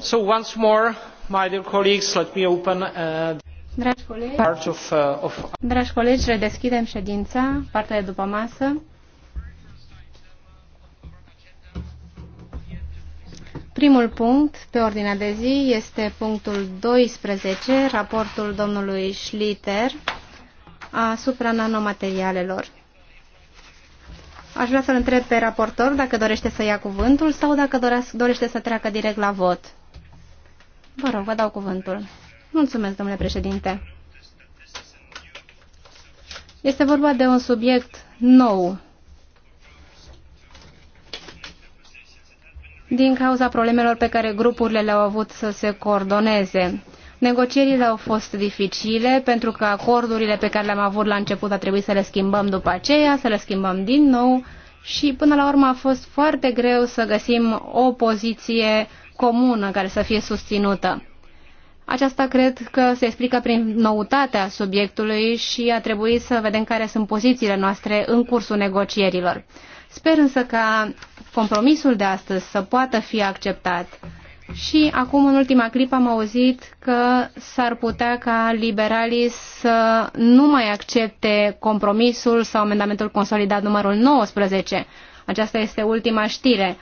So once more, my dear colleagues, let me open uh, colegi, part of, uh, of... Dragi colegi, redeschidem ședința, partea de după masă. Primul punct pe ordinea de zi este punctul 12, raportul domnului Schlitter asupra nanomaterialelor. Aș vrea să-l întreb pe raportor dacă dorește să ia cuvântul sau dacă dorește să treacă direct la vot. Vă rog, vă dau cuvântul. Mulțumesc, domnule președinte. Este vorba de un subiect nou. Din cauza problemelor pe care grupurile le-au avut să se coordoneze. Negocierile au fost dificile pentru că acordurile pe care le-am avut la început a trebuit să le schimbăm după aceea, să le schimbăm din nou și până la urmă a fost foarte greu să găsim o poziție comună care să fie susținută. Aceasta cred că se explică prin noutatea subiectului și a trebuit să vedem care sunt pozițiile noastre în cursul negocierilor. Sper însă ca compromisul de astăzi să poată fi acceptat. Și acum, în ultima clipă, am auzit că s-ar putea ca liberalii să nu mai accepte compromisul sau amendamentul consolidat numărul 19. Aceasta este ultima știre.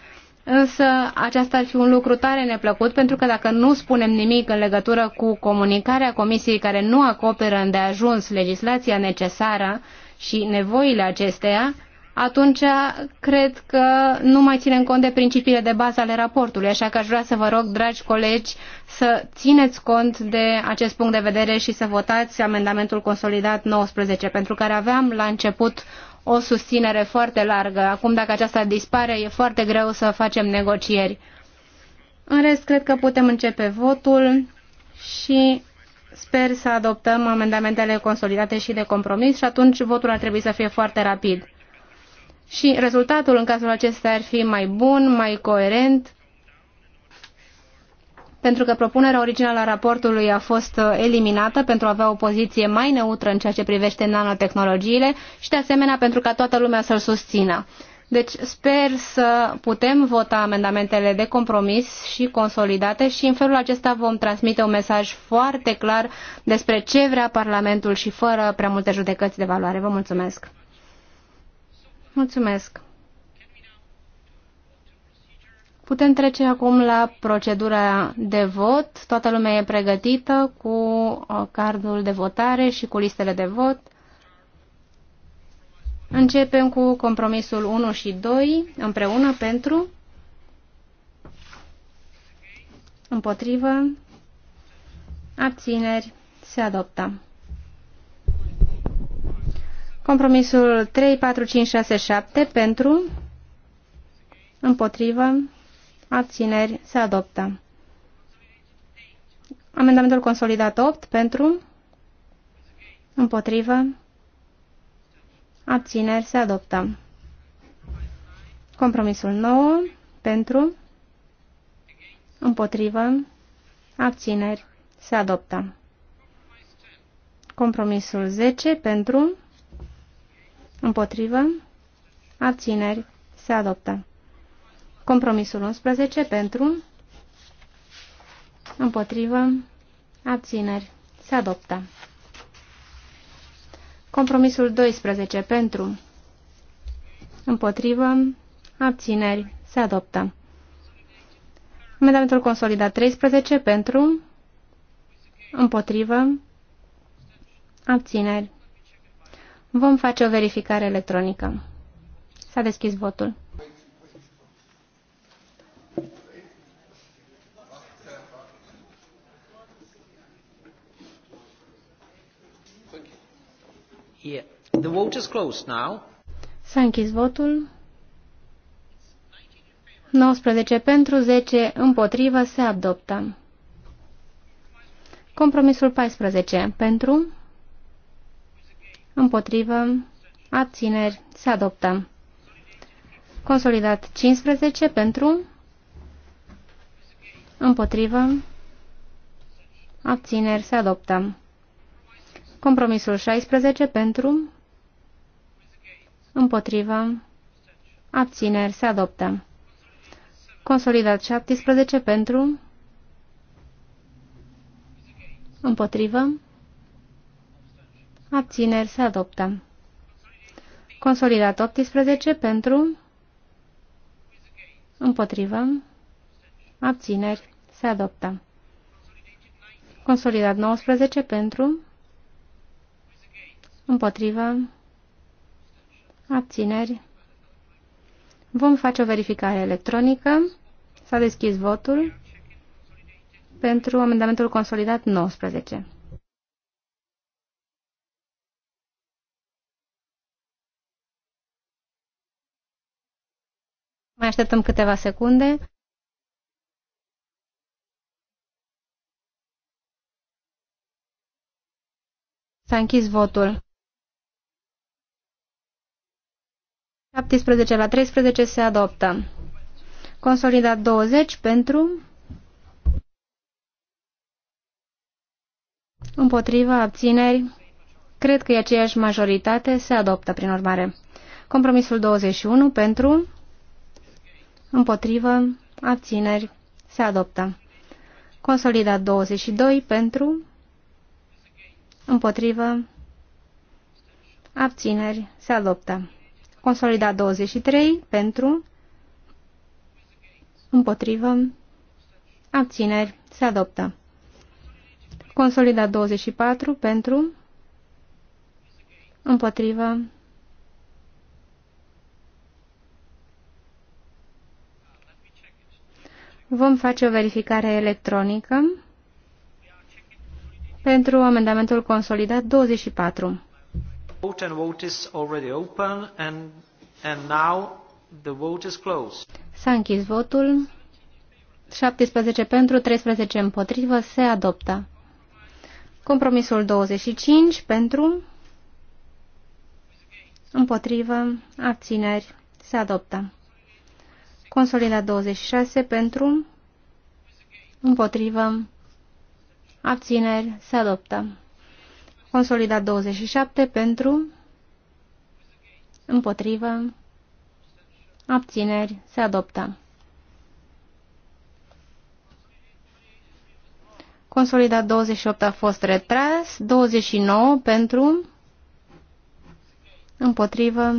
Însă aceasta ar fi un lucru tare neplăcut pentru că dacă nu spunem nimic în legătură cu comunicarea Comisiei care nu acoperă îndeajuns legislația necesară și nevoile acesteia, atunci cred că nu mai ținem cont de principiile de bază ale raportului, așa că aș vrea să vă rog, dragi colegi, să țineți cont de acest punct de vedere și să votați amendamentul consolidat 19, pentru care aveam la început o susținere foarte largă. Acum, dacă aceasta dispare, e foarte greu să facem negocieri. În rest, cred că putem începe votul și sper să adoptăm amendamentele consolidate și de compromis și atunci votul ar trebui să fie foarte rapid. Și rezultatul în cazul acesta ar fi mai bun, mai coerent pentru că propunerea originală a raportului a fost uh, eliminată pentru a avea o poziție mai neutră în ceea ce privește nanotehnologiile și de asemenea pentru ca toată lumea să-l susțină. Deci sper să putem vota amendamentele de compromis și consolidate și în felul acesta vom transmite un mesaj foarte clar despre ce vrea Parlamentul și fără prea multe judecăți de valoare. Vă mulțumesc! Mulțumesc! Putem trece acum la procedura de vot. Toată lumea e pregătită cu uh, cardul de votare și cu listele de vot. Începem cu compromisul 1 și 2 împreună pentru, împotrivă, abțineri, se adoptă. Compromisul 3, 4, 5, 6, 7 pentru, împotrivă, abțineri, se adoptă. Amendamentul consolidat 8 pentru, împotrivă, abțineri, se adoptă. Compromisul 9 pentru, împotrivă, abțineri, se adoptă. Compromisul 10 pentru, împotrivă, abțineri, se adoptă. Compromisul 11 pentru, împotrivă, abțineri, se adoptă. Compromisul 12 pentru, împotrivă, abțineri, se adoptă. Amendamentul consolidat 13 pentru, împotrivă, abțineri. Vom face o verificare electronică. S-a deschis votul. Yeah. The vote is closed now. S-a închis votul. 19 pentru, 10 împotrivă, se adoptă. Compromisul 14 pentru, împotrivă, abțineri, se adoptă. Consolidat 15 pentru, împotrivă, abțineri, se adoptă. Compromisul 16 pentru, împotriva, abțineri, se adoptă. Consolidat 17 pentru, împotrivă, abțineri, se adoptă. Consolidat 18 pentru, împotrivă, abțineri, se adoptă. Consolidat 19 pentru, Împotrivă. Abțineri. Vom face o verificare electronică. S-a deschis votul pentru amendamentul consolidat 19. Mai așteptăm câteva secunde. S-a închis votul. 17 la 13 se adoptă. Consolidat 20 pentru Împotriva abțineri, cred că e aceeași majoritate, se adoptă prin urmare. Compromisul 21 pentru, împotrivă, abțineri, se adoptă. Consolidat 22 pentru, împotrivă, abțineri, se adoptă. Consolidat 23 pentru, împotrivă, abțineri, se adoptă. Consolidat 24 pentru, împotrivă, Vom face o verificare electronică pentru amendamentul consolidat 24. Vote and vote is already open and, and now the vote is closed. S-a închis votul. 17 pentru, 13 împotrivă, se adoptă. Compromisul 25 pentru, împotrivă, abțineri, se adoptă. Consolidat 26 pentru, împotrivă, abțineri, se adoptă. Consolidat 27 pentru, împotrivă, abțineri, se adoptă. Consolidat 28 a fost retras, 29 pentru, împotrivă,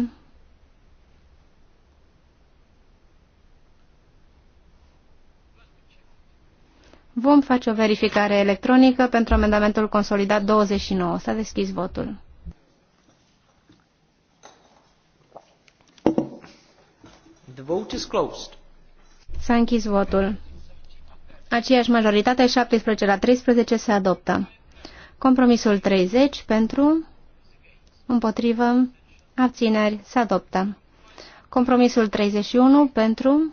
Vom face o verificare electronică pentru amendamentul consolidat 29. S-a deschis votul. The vote is closed. S-a închis votul. Aceeași majoritate, 17 la 13, se adoptă. Compromisul 30 pentru, împotrivă, abțineri, se adoptă. Compromisul 31 pentru,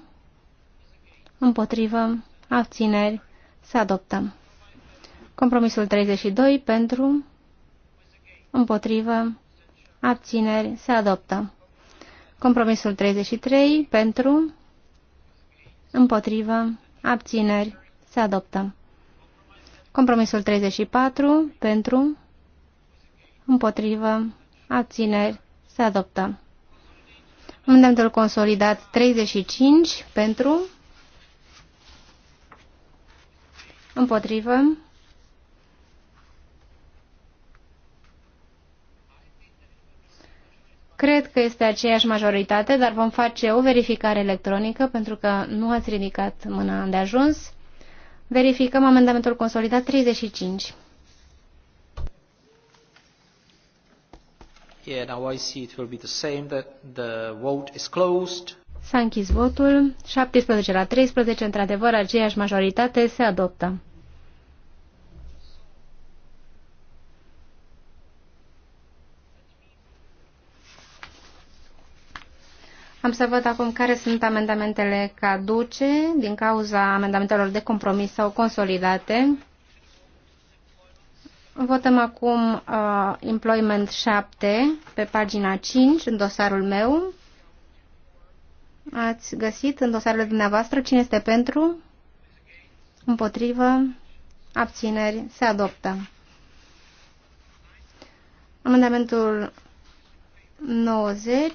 împotrivă, abțineri, se adoptă. Compromisul 32 pentru, împotrivă, abțineri, se adoptă. Compromisul 33 pentru, împotrivă, abțineri, se adoptă. Compromisul 34 pentru, împotrivă, abțineri, se adoptă. Îndemnul consolidat 35 pentru, Împotrivă. Cred că este aceeași majoritate, dar vom face o verificare electronică pentru că nu ați ridicat mâna de ajuns. Verificăm amendamentul consolidat 35. Yeah, now I see it will be the same that the vote is closed. S-a închis votul. 17 la 13, într-adevăr, aceeași majoritate se adoptă. Am să văd acum care sunt amendamentele caduce din cauza amendamentelor de compromis sau consolidate. Votăm acum uh, Employment 7 pe pagina 5 în dosarul meu. Ați găsit în dosarele dumneavoastră cine este pentru, împotrivă, abțineri, se adoptă. Amendamentul 90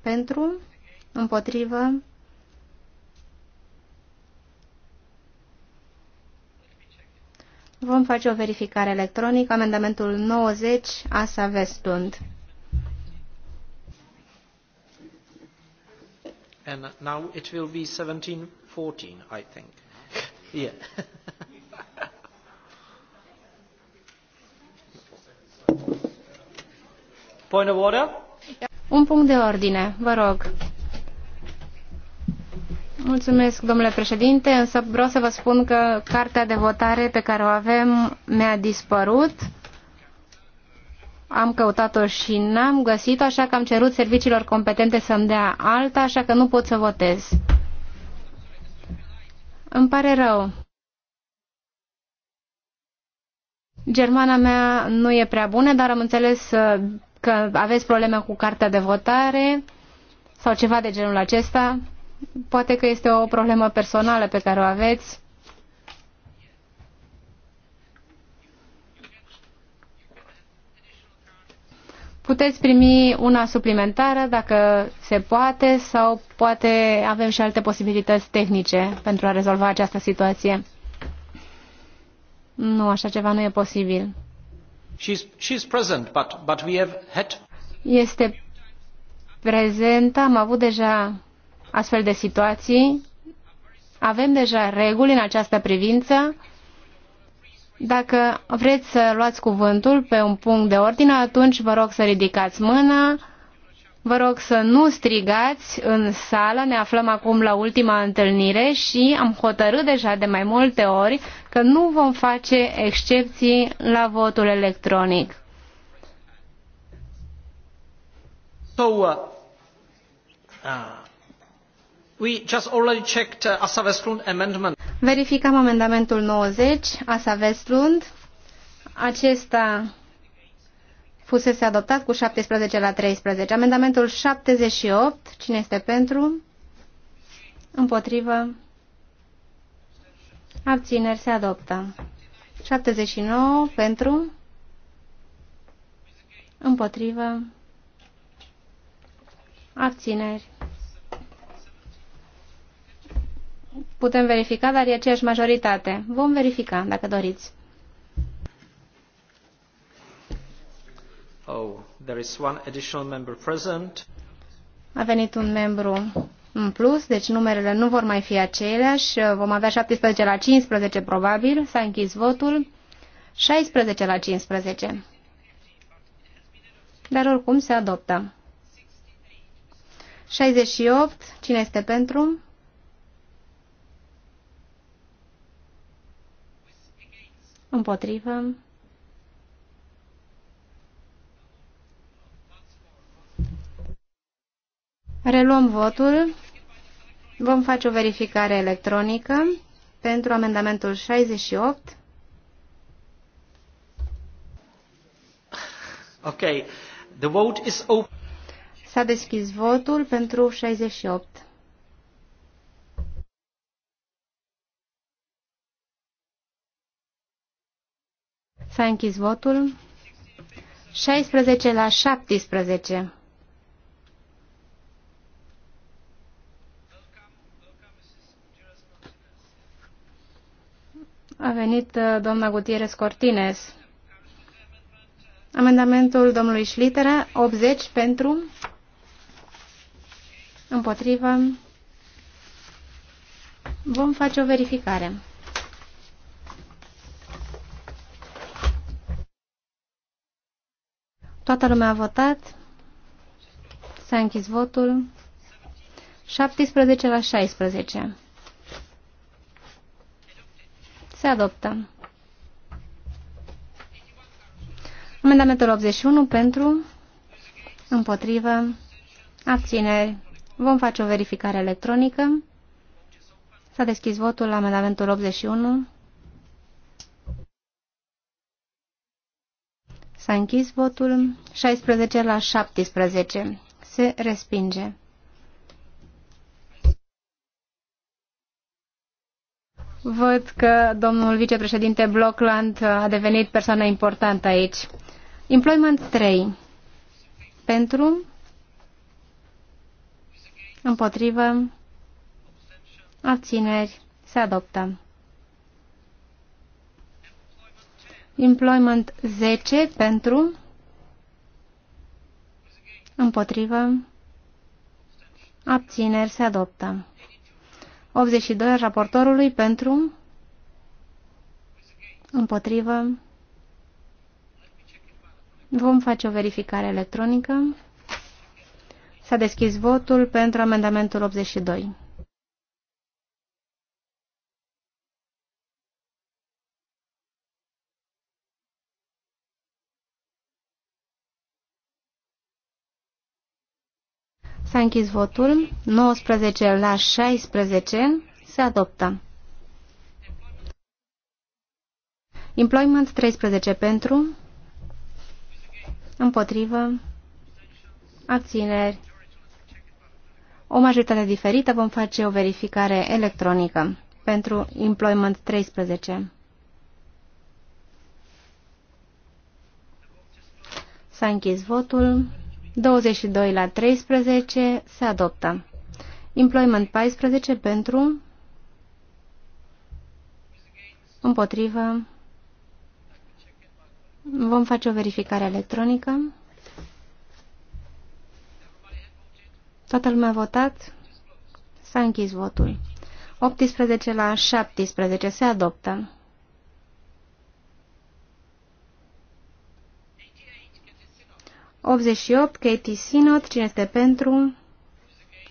pentru, împotrivă, Vom face o verificare electronică. Amendamentul 90, a Vestund. and now it will be 17.14, I think. Yeah. Point of order? Un punct de ordine, vă rog. Mulțumesc, domnule președinte, însă vreau să vă spun că cartea de votare pe care o avem mi-a dispărut. Am căutat-o și n-am găsit-o, așa că am cerut serviciilor competente să-mi dea alta, așa că nu pot să votez. Îmi pare rău. Germana mea nu e prea bună, dar am înțeles uh, că aveți probleme cu cartea de votare sau ceva de genul acesta. Poate că este o problemă personală pe care o aveți. Puteți primi una suplimentară dacă se poate sau poate avem și alte posibilități tehnice pentru a rezolva această situație. Nu, așa ceva nu e posibil. She's, she's present, but, but we have had... Este prezentă, am avut deja astfel de situații, avem deja reguli în această privință dacă vreți să luați cuvântul pe un punct de ordine, atunci vă rog să ridicați mâna, vă rog să nu strigați în sală, ne aflăm acum la ultima întâlnire și am hotărât deja de mai multe ori că nu vom face excepții la votul electronic. So, uh, uh. We just already checked uh, Asa Westlund amendment. Verificăm amendamentul 90, Asa Westlund. Acesta fusese adoptat cu 17 la 13. Amendamentul 78, cine este pentru? Împotrivă? Abțineri se adoptă. 79 pentru? Împotrivă? Abțineri. Putem verifica, dar e aceeași majoritate. Vom verifica, dacă doriți. Oh, there is one additional member present. A venit un membru în plus, deci numerele nu vor mai fi aceleași. Vom avea 17 la 15 probabil. S-a închis votul. 16 la 15. Dar oricum se adoptă. 68. Cine este pentru? împotrivă, reluăm votul, vom face o verificare electronică pentru amendamentul 68. Ok, the vote is open. S-a deschis votul pentru 68. S-a închis votul. 16 la 17. A venit uh, doamna Gutierrez Cortines. Amendamentul domnului Schlitera, 80 pentru, împotrivă. Vom face o verificare. Toată lumea a votat. S-a închis votul. 17 la 16. Se adoptă. Amendamentul 81 pentru, împotrivă, abțineri. Vom face o verificare electronică. S-a deschis votul la amendamentul 81. S-a închis votul 16 la 17. Se respinge. Văd că domnul vicepreședinte Blockland a devenit persoană importantă aici. Employment 3. Pentru, împotrivă, abțineri, se adoptă. Employment 10 pentru, împotrivă, abțineri se adoptă. 82 raportorului pentru, împotrivă, vom face o verificare electronică. S-a deschis votul pentru amendamentul 82. S-a închis votul. 19 la 16 se adoptă. Employment 13 pentru, împotrivă, abțineri. O majoritate diferită vom face o verificare electronică pentru Employment 13. S-a închis votul. 22 la 13 se adoptă. Employment 14 pentru, împotrivă, vom face o verificare electronică. Toată lumea a votat? S-a închis votul. 18 la 17 se adoptă. 88, Katie Sinot, cine este pentru,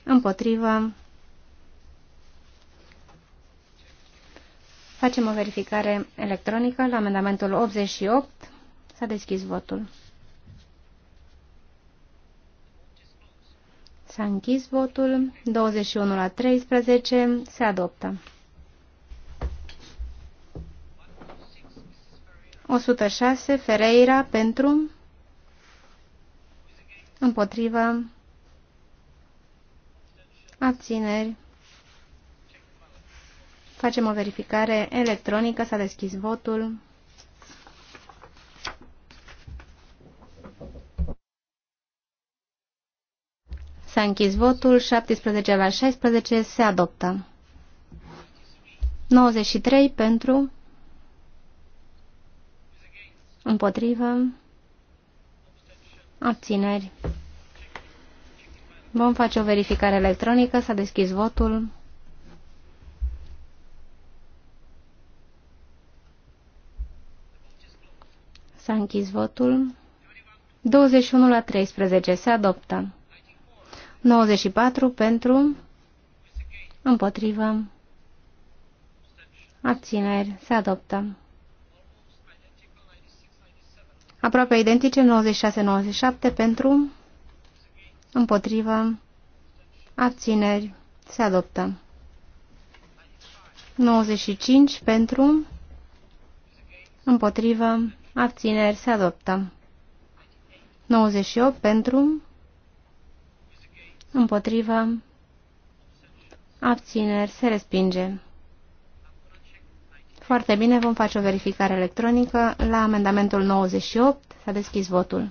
împotrivă. Facem o verificare electronică la amendamentul 88. S-a deschis votul. S-a închis votul. 21 la 13. Se adoptă. 106. Ferreira pentru împotrivă, abțineri. Facem o verificare electronică, s-a deschis votul. S-a închis votul, 17 la 16 se adoptă. 93 pentru, împotrivă, Abțineri. Vom face o verificare electronică. S-a deschis votul. S-a închis votul. 21 la 13. Se adoptă. 94 pentru. Împotrivă. Abțineri. Se adoptă aproape identice, 96-97 pentru, împotrivă, abțineri, se adoptă. 95 pentru, împotrivă, abțineri, se adoptă. 98 pentru, împotrivă, abțineri, se respinge. Foarte bine, vom face o verificare electronică la amendamentul 98. S-a deschis votul.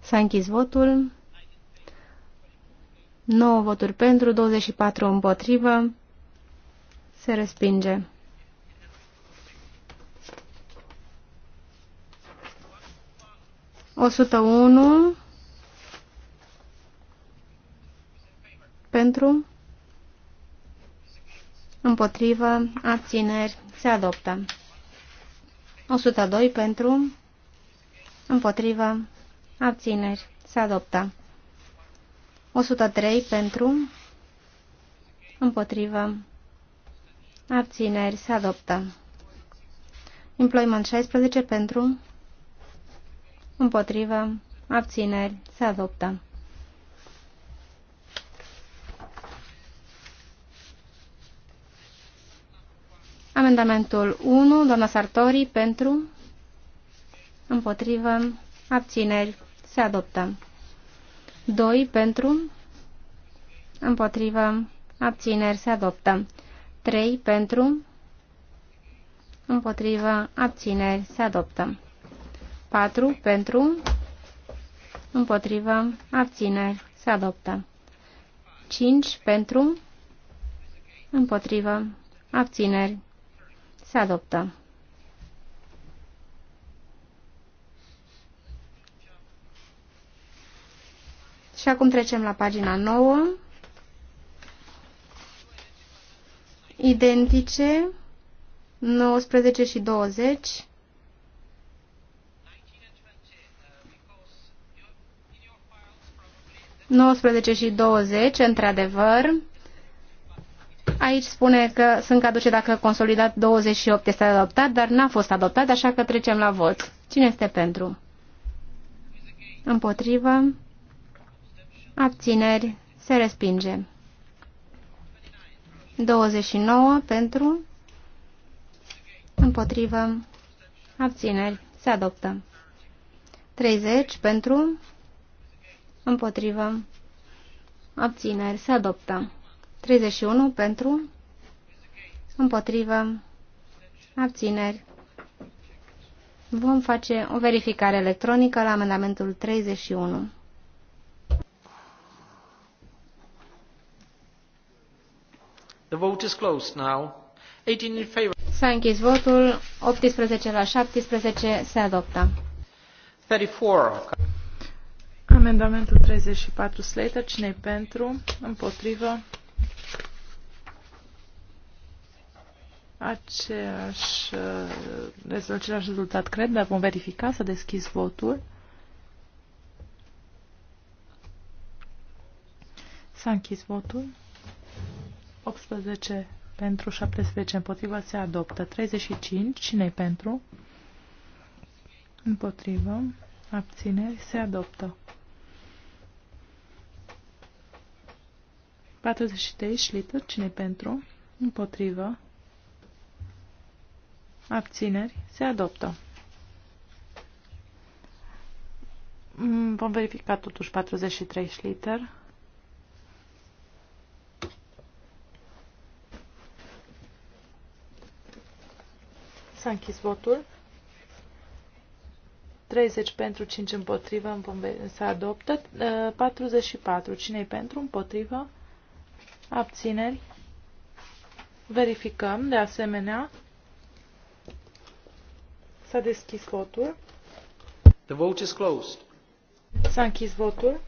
S-a închis votul. 9 voturi pentru, 24 împotrivă. Se respinge. O 101 pentru, împotrivă, abțineri, se adoptă. 102 pentru, împotrivă, abțineri, se adoptă. 103 pentru, împotrivă, abțineri, se adoptă. Employment 16 pentru, împotrivă, abțineri, se adoptă. Amendamentul 1, doamna Sartori, pentru, împotrivă, abțineri, se adoptă. 2, pentru, împotrivă, abțineri, se adoptă. 3, pentru, împotrivă, abțineri, se adoptă. 4, pentru, împotrivă, abțineri, se adoptă. 5, pentru, împotrivă, abțineri, se adoptă. Și acum trecem la pagina 9. Identice 19 și 20. Nouăsprezece și douăzeci, într-adevăr, Aici spune că sunt caduce dacă consolidat 28 este adoptat, dar n-a fost adoptat, așa că trecem la vot. Cine este pentru? Împotrivă. Abțineri. Se respinge. 29 pentru. Împotrivă. Abțineri. Se adoptă. 30 pentru. Împotrivă. Abțineri. Se adoptă. 31 pentru, împotrivă, abțineri. Vom face o verificare electronică la amendamentul 31. The vote is closed now. 18 in favor. S-a închis votul, 18 la 17 se adoptă. 34. Amendamentul 34 Slater, cine pentru, împotrivă, Aceeași, uh, același rezultat, cred, dar vom verifica să deschis votul. S-a închis votul. 18 pentru, 17 împotriva, se adoptă. 35, cine pentru? Împotrivă, abțineri, se adoptă. 43, șlituri, cine pentru? Împotrivă, Abțineri. Se adoptă. Mm, vom verifica totuși 43 șliter. S-a închis votul. 30 pentru, 5 împotrivă, se adoptă. 44. Ă, cine pentru, împotrivă? Abțineri. Verificăm, de asemenea. S-a deschis votul. The vote is closed. S-a închis votul.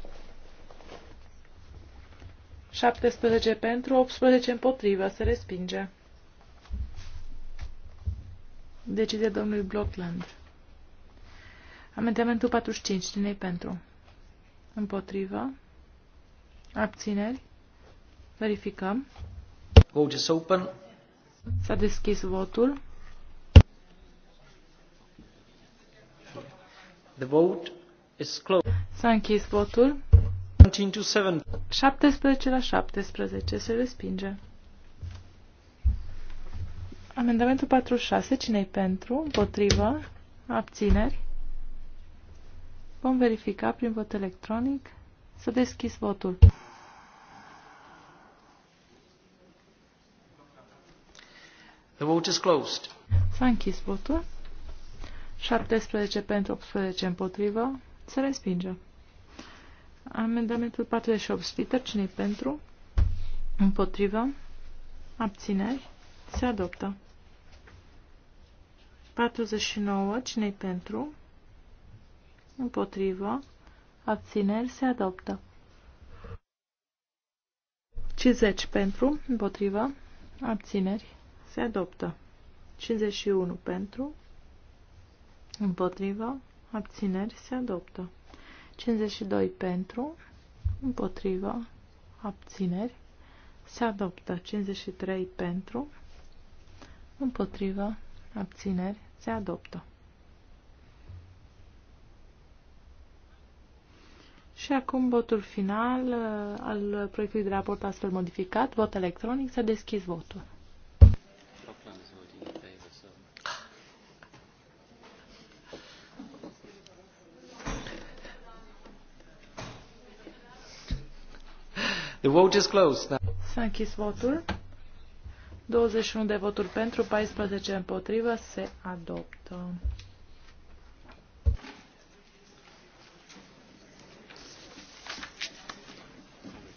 17 pentru, 18 împotrivă. Se respinge. Decizia domnului Blockland. Amendamentul 45. Cine pentru? Împotrivă. Abțineri. Verificăm. Vote is open. S-a deschis votul. The vote is closed. S-a închis votul. 17 la 17 se respinge. Amendamentul 46, cine-i pentru? Împotrivă? Abțineri? Vom verifica prin vot electronic. Să deschis votul. The vote is closed. S-a închis votul. 17 pentru 18 împotrivă. Se respinge. Amendamentul 48. Spiter, cine pentru? Împotrivă. Abțineri. Se adoptă. 49. cine pentru? Împotrivă. Abțineri. Se adoptă. 50 pentru, împotrivă, abțineri, se adoptă. 51 pentru, Împotrivă. Abțineri se adoptă. 52 pentru. Împotrivă. Abțineri. Se adoptă. 53 pentru. Împotrivă. Abțineri. Se adoptă. Și acum votul final uh, al proiectului de raport astfel modificat. Vot electronic. S-a deschis votul. The vote is closed. S-a închis votul. 21 de voturi pentru, 14 împotrivă, se adoptă.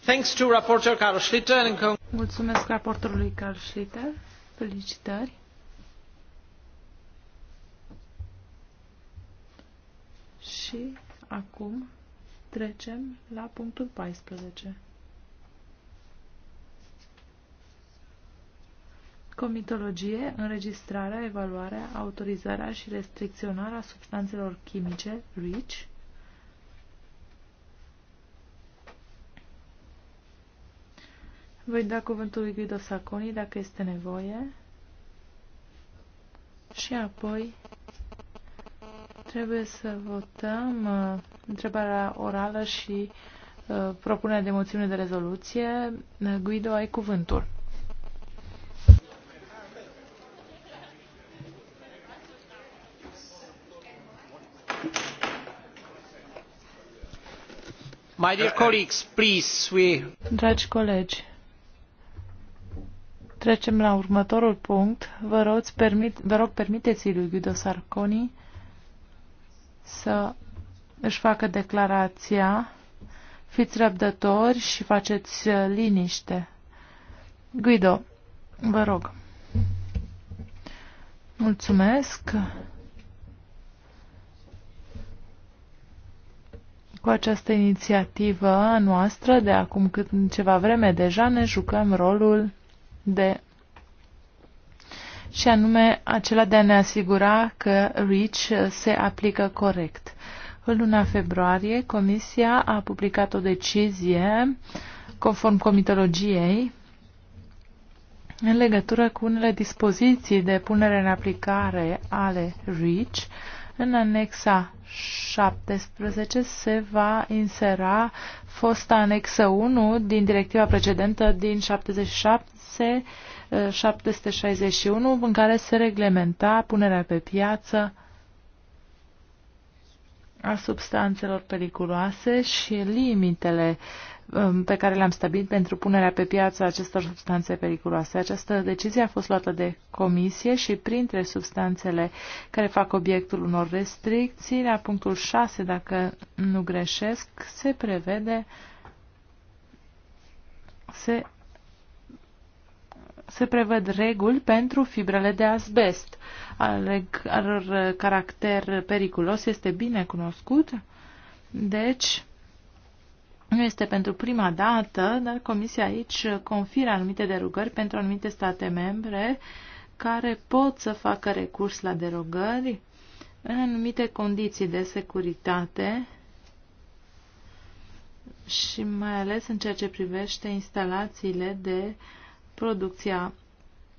Thanks to raportor Carl Schlitter and Mulțumesc raportorului Carl Schlitter. Felicitări. Și acum trecem la punctul 14. comitologie, înregistrarea, evaluarea, autorizarea și restricționarea substanțelor chimice, REACH, Voi da cuvântul lui Guido Sacconi dacă este nevoie. Și apoi trebuie să votăm uh, întrebarea orală și uh, propunerea de moțiune de rezoluție. Guido, ai cuvântul. Uh, uh, Dragi colegi, trecem la următorul punct. Vă rog, vă rog permiteți lui Guido Sarconi să își facă declarația. Fiți răbdători și faceți uh, liniște. Guido, vă rog. Mulțumesc. Cu această inițiativă a noastră, de acum cât, ceva vreme deja, ne jucăm rolul de și anume acela de a ne asigura că REACH se aplică corect. În luna februarie, Comisia a publicat o decizie conform comitologiei în legătură cu unele dispoziții de punere în aplicare ale REACH în anexa 17 se va insera fosta anexă 1 din directiva precedentă din 77 761 în care se reglementa punerea pe piață a substanțelor periculoase și limitele Um, pe care le-am stabilit pentru punerea pe piață acestor substanțe periculoase. Această decizie a fost luată de comisie și printre substanțele care fac obiectul unor restricții, la punctul 6, dacă nu greșesc, se prevede se, se prevăd reguli pentru fibrele de asbest. Al, al caracter periculos este bine cunoscut, deci nu este pentru prima dată, dar Comisia aici confiră anumite derogări pentru anumite state membre care pot să facă recurs la derogări în anumite condiții de securitate și mai ales în ceea ce privește instalațiile de producția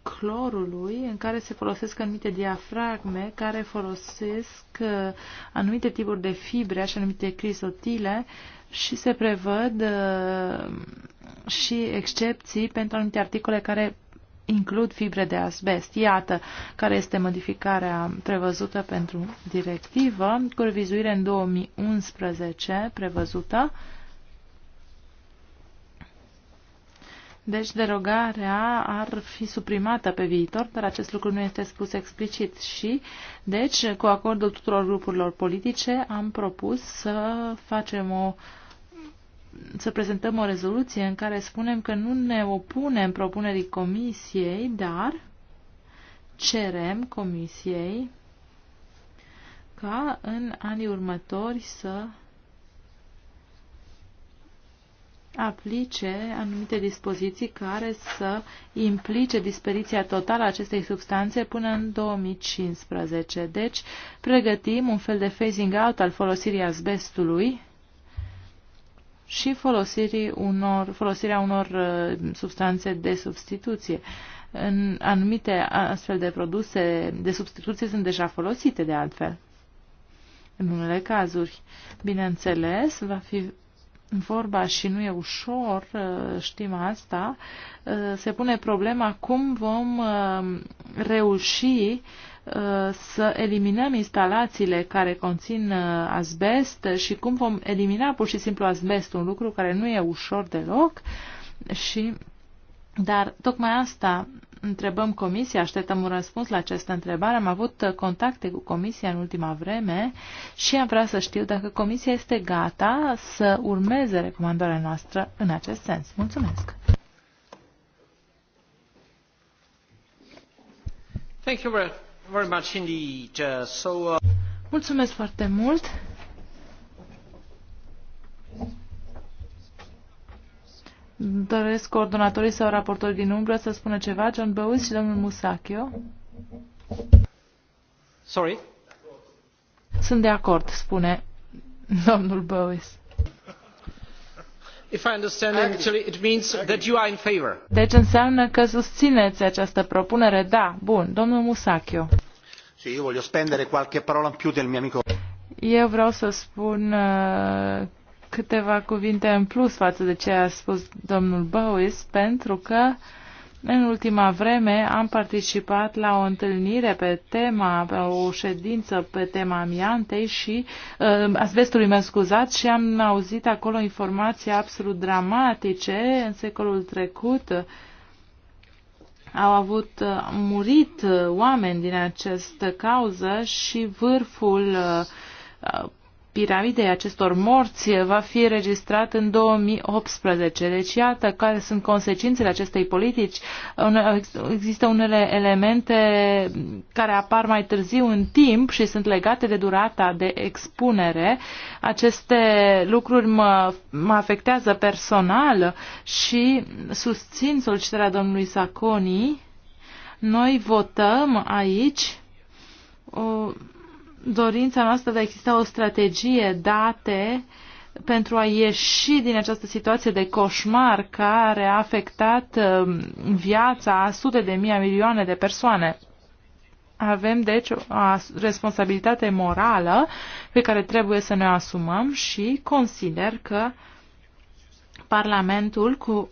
clorului în care se folosesc anumite diafragme care folosesc uh, anumite tipuri de fibre și anumite crisotile și se prevăd uh, și excepții pentru anumite articole care includ fibre de asbest. Iată care este modificarea prevăzută pentru directivă, cu revizuire în 2011 prevăzută. Deci derogarea ar fi suprimată pe viitor, dar acest lucru nu este spus explicit și, deci, cu acordul tuturor grupurilor politice, am propus să facem o uh, să prezentăm o rezoluție în care spunem că nu ne opunem propunerii comisiei, dar cerem comisiei ca în anii următori să aplice anumite dispoziții care să implice dispariția totală a acestei substanțe până în 2015. Deci, pregătim un fel de phasing out al folosirii asbestului și folosirii unor, folosirea unor uh, substanțe de substituție. În anumite astfel de produse de substituție sunt deja folosite de altfel. În unele cazuri, bineînțeles, va fi vorba și nu e ușor, uh, știm asta, uh, se pune problema cum vom reuși Uh, să eliminăm instalațiile care conțin uh, asbest și cum vom elimina pur și simplu azbest, un lucru care nu e ușor deloc. Și, dar tocmai asta întrebăm comisia, așteptăm un răspuns la această întrebare. Am avut contacte cu comisia în ultima vreme și am vrea să știu dacă comisia este gata să urmeze recomandarea noastră în acest sens. Mulțumesc! Thank you very much. Very much indeed. Uh, so, uh... Mulțumesc foarte mult. Doresc coordonatorii sau raportori din umbră să spună ceva, John Bowes și domnul Musacchio. Sorry? Sunt de acord, spune domnul Bowes. Deci înseamnă că susțineți această propunere, da. Bun, domnul Musacchio. Sì, io voglio spendere qualche parola in più del mio amico. Eu vreau să spun uh, câteva cuvinte în plus față de ce a spus domnul Bowis, pentru că uh, în ultima vreme am participat la o întâlnire pe tema, pe o ședință pe tema amiantei și uh, asbestului, mă scuzat și am auzit acolo informații absolut dramatice în secolul trecut. au avut uh, murit uh, oameni din această cauză și vârful uh, piramidei acestor morți va fi registrat în 2018. Deci iată care sunt consecințele acestei politici. Există unele elemente care apar mai târziu în timp și sunt legate de durata de expunere. Aceste lucruri mă, mă afectează personal și susțin solicitarea domnului Saconi. Noi votăm aici uh, dorința noastră de a exista o strategie, date, pentru a ieși din această situație de coșmar care a afectat um, viața a sute de mii, a milioane de persoane. Avem, deci, o responsabilitate morală pe care trebuie să ne asumăm și consider că Parlamentul cu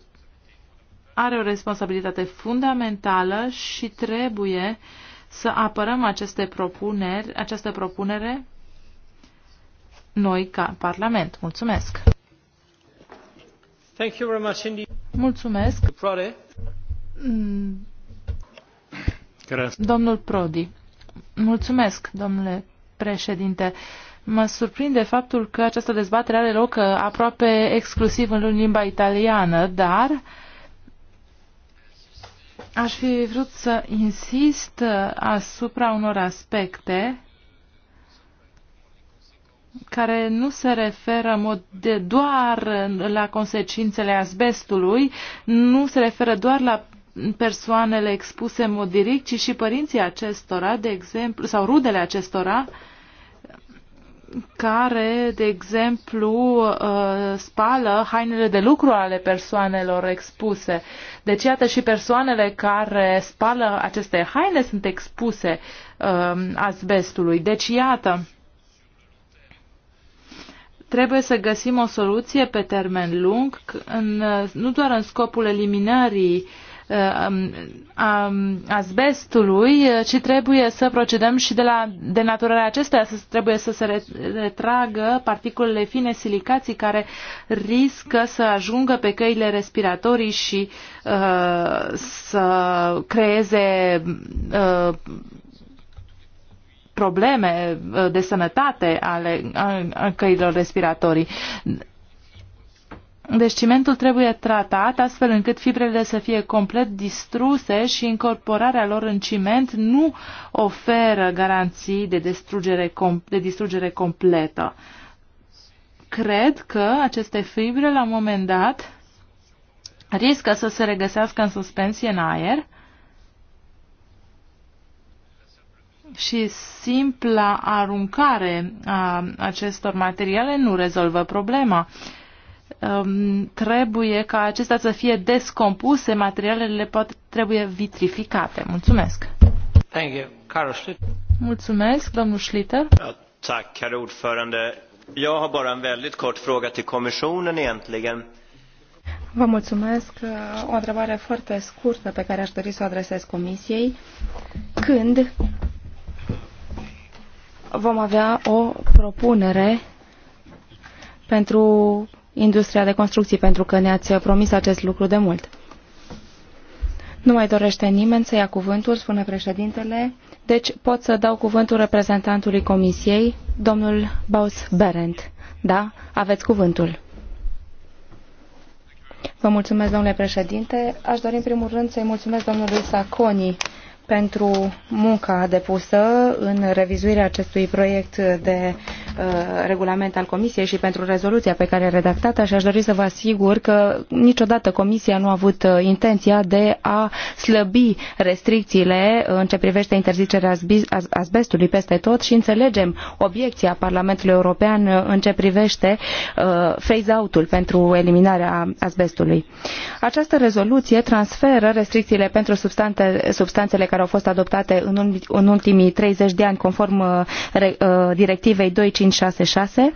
are o responsabilitate fundamentală și trebuie uh, să apărăm aceste propuneri, această propunere noi ca Parlament. Mulțumesc! Thank you very much Mulțumesc! Prode. Mm. Domnul Prodi. Mulțumesc, domnule președinte. Mă surprinde faptul că această dezbatere are loc uh, aproape exclusiv în limba italiană, dar Aș fi vrut să insist asupra unor aspecte care nu se referă mod de doar la consecințele asbestului, nu se referă doar la persoanele expuse în mod direct, ci și părinții acestora, de exemplu, sau rudele acestora, uh, care, de exemplu, uh, spală hainele de lucru ale persoanelor expuse. Deci, iată, și persoanele care spală aceste haine sunt expuse uh, asbestului. Deci, iată, trebuie să găsim o soluție pe termen lung, în, nu doar în scopul eliminării uh, Um, a azbestului, ci trebuie să procedăm și de la denaturarea acesteia, să trebuie să se retragă particulele fine silicații care riscă să ajungă pe căile respiratorii și uh, să creeze uh, probleme uh, de sănătate ale căilor respiratorii. Deci cimentul trebuie tratat astfel încât fibrele să fie complet distruse și incorporarea lor în ciment nu oferă garanții de distrugere, de distrugere completă. Cred că aceste fibre la un moment dat riscă să se regăsească în suspensie în aer și simpla aruncare a acestor materiale nu rezolvă problema. Uh, Um, trebuie ca acestea să fie descompuse, materialele pot, trebuie vitrificate. Mulțumesc! Thank you. Carol Mulțumesc, domnul Schlitter. Tack, herr ordförande. Jag har bara en väldigt kort fråga till kommissionen egentligen. Vă mulțumesc. O întrebare foarte scurtă pe care aș dori să o adresez Comisiei. Când vom avea o propunere pentru industria de construcții, pentru că ne-ați promis acest lucru de mult. Nu mai dorește nimeni să ia cuvântul, spune președintele. Deci pot să dau cuvântul reprezentantului comisiei, domnul Baus Berend. Da, aveți cuvântul. Vă mulțumesc, domnule președinte. Aș dori în primul rând să-i mulțumesc domnului Saconi pentru munca depusă în revizuirea acestui proiect de uh, regulament al Comisiei și pentru rezoluția pe care a redactat-o și aș dori să vă asigur că niciodată Comisia nu a avut uh, intenția de a slăbi restricțiile în ce privește interzicerea asbestului peste tot și înțelegem obiecția Parlamentului European uh, în ce privește uh, phase-out-ul pentru eliminarea asbestului. Această rezoluție transferă restricțiile pentru substanțe, substanțele care care au fost adoptate în ultimii 30 de ani conform uh, uh, directivei 2566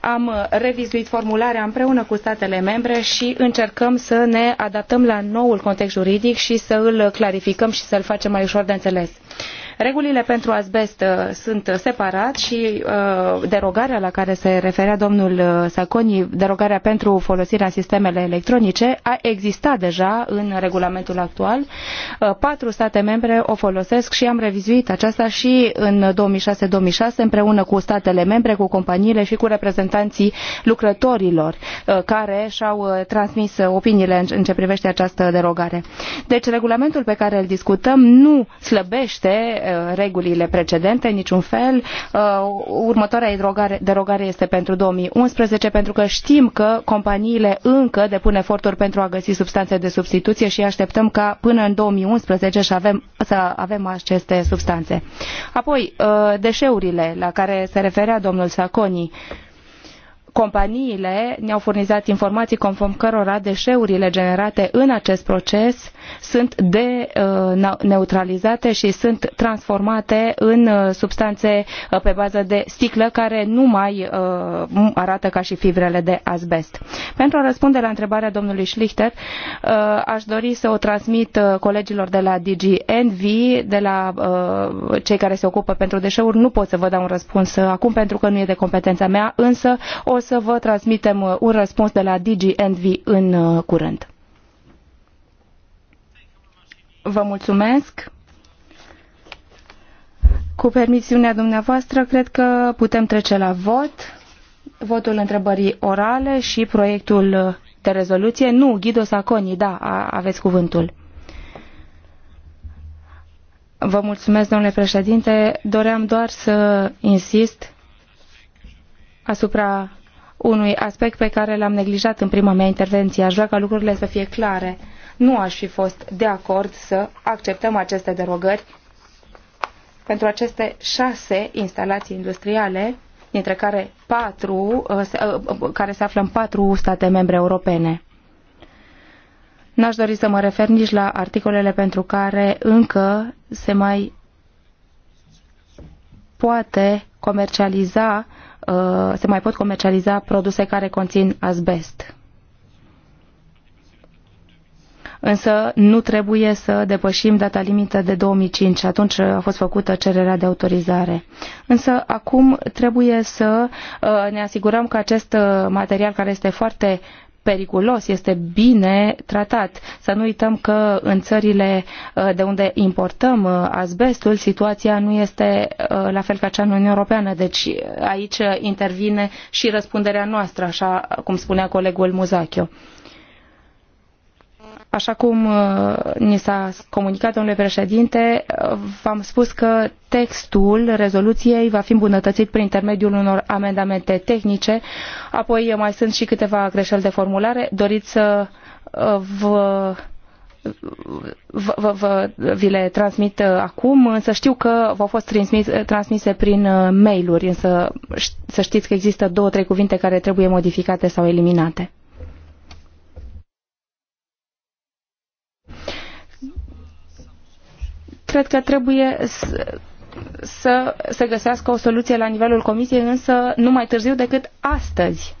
am uh, revizuit formularea împreună cu statele membre și încercăm să ne adaptăm la noul context juridic și să îl clarificăm și să îl facem mai ușor de înțeles. Regulile pentru azbest uh, sunt separat și uh, derogarea la care se referea domnul uh, Saconi, derogarea pentru folosirea sistemele electronice, a existat deja în regulamentul actual. Patru state membre o folosesc și am revizuit aceasta și în 2006-2006 împreună cu statele membre, cu companiile și cu reprezentanții lucrătorilor care și-au transmis opiniile în ce privește această derogare. Deci regulamentul pe care îl discutăm nu slăbește Eh, regulile precedente, niciun fel. Eh, următoarea derogare este pentru 2011, pentru că știm că companiile încă depun eforturi pentru a găsi substanțe de substituție și așteptăm ca până în 2011 să avem, să avem aceste substanțe. Apoi, eh, deșeurile la care se referea domnul Saconi, companiile ne-au furnizat informații conform cărora deșeurile generate în acest proces sunt de uh, neutralizate și sunt transformate în uh, substanțe uh, pe bază de sticlă care nu mai arată ca și fibrele de azbest. Pentru a răspunde la întrebarea domnului Schlichter, aș dori să o transmit colegilor de la DG ENVI, de la cei care se ocupă pentru deșeuri. Nu pot să vă dau un răspuns acum pentru că nu e de competența mea, însă o să vă transmitem uh, un răspuns de la DG Envy în uh, curând. Vă mulțumesc. Cu permisiunea dumneavoastră, cred că putem trece la vot. Votul întrebării orale și proiectul de rezoluție. Nu, Ghido Saconi, da, aveți cuvântul. Vă mulțumesc, domnule președinte. Doream doar să insist asupra unui aspect pe care l-am neglijat în prima mea intervenție. Aș vrea ca lucrurile să fie clare. Nu aș fi fost de acord să acceptăm aceste derogări pentru aceste șase instalații industriale, dintre care patru, uh, uh, uh, care se află în patru state membre europene. N-aș dori să mă refer nici la articolele pentru care încă se mai poate comercializa Uh, se mai pot comercializa produse care conțin azbest. Însă nu trebuie să depășim data limită de 2005, atunci a fost făcută cererea de autorizare. Însă acum trebuie să uh, ne asigurăm că acest uh, material care este foarte periculos, este bine tratat. Să nu uităm că în țările uh, de unde importăm uh, asbestul, situația nu este uh, la fel ca cea în Uniunea Europeană. Deci aici intervine și răspunderea noastră, așa cum spunea colegul Muzachio. Așa cum uh, ni s-a comunicat, domnule președinte, uh, v-am spus că textul rezoluției va fi îmbunătățit prin intermediul unor amendamente tehnice, apoi uh, mai sunt și câteva greșeli de formulare. Doriți să vă vă, vă, vă, vi le transmit acum, însă știu că v-au fost transmis, transmise prin mail-uri, însă să știți că există două, trei cuvinte care trebuie modificate sau eliminate. cred că trebuie să, să se găsească o soluție la nivelul Comisiei, însă nu mai târziu decât astăzi.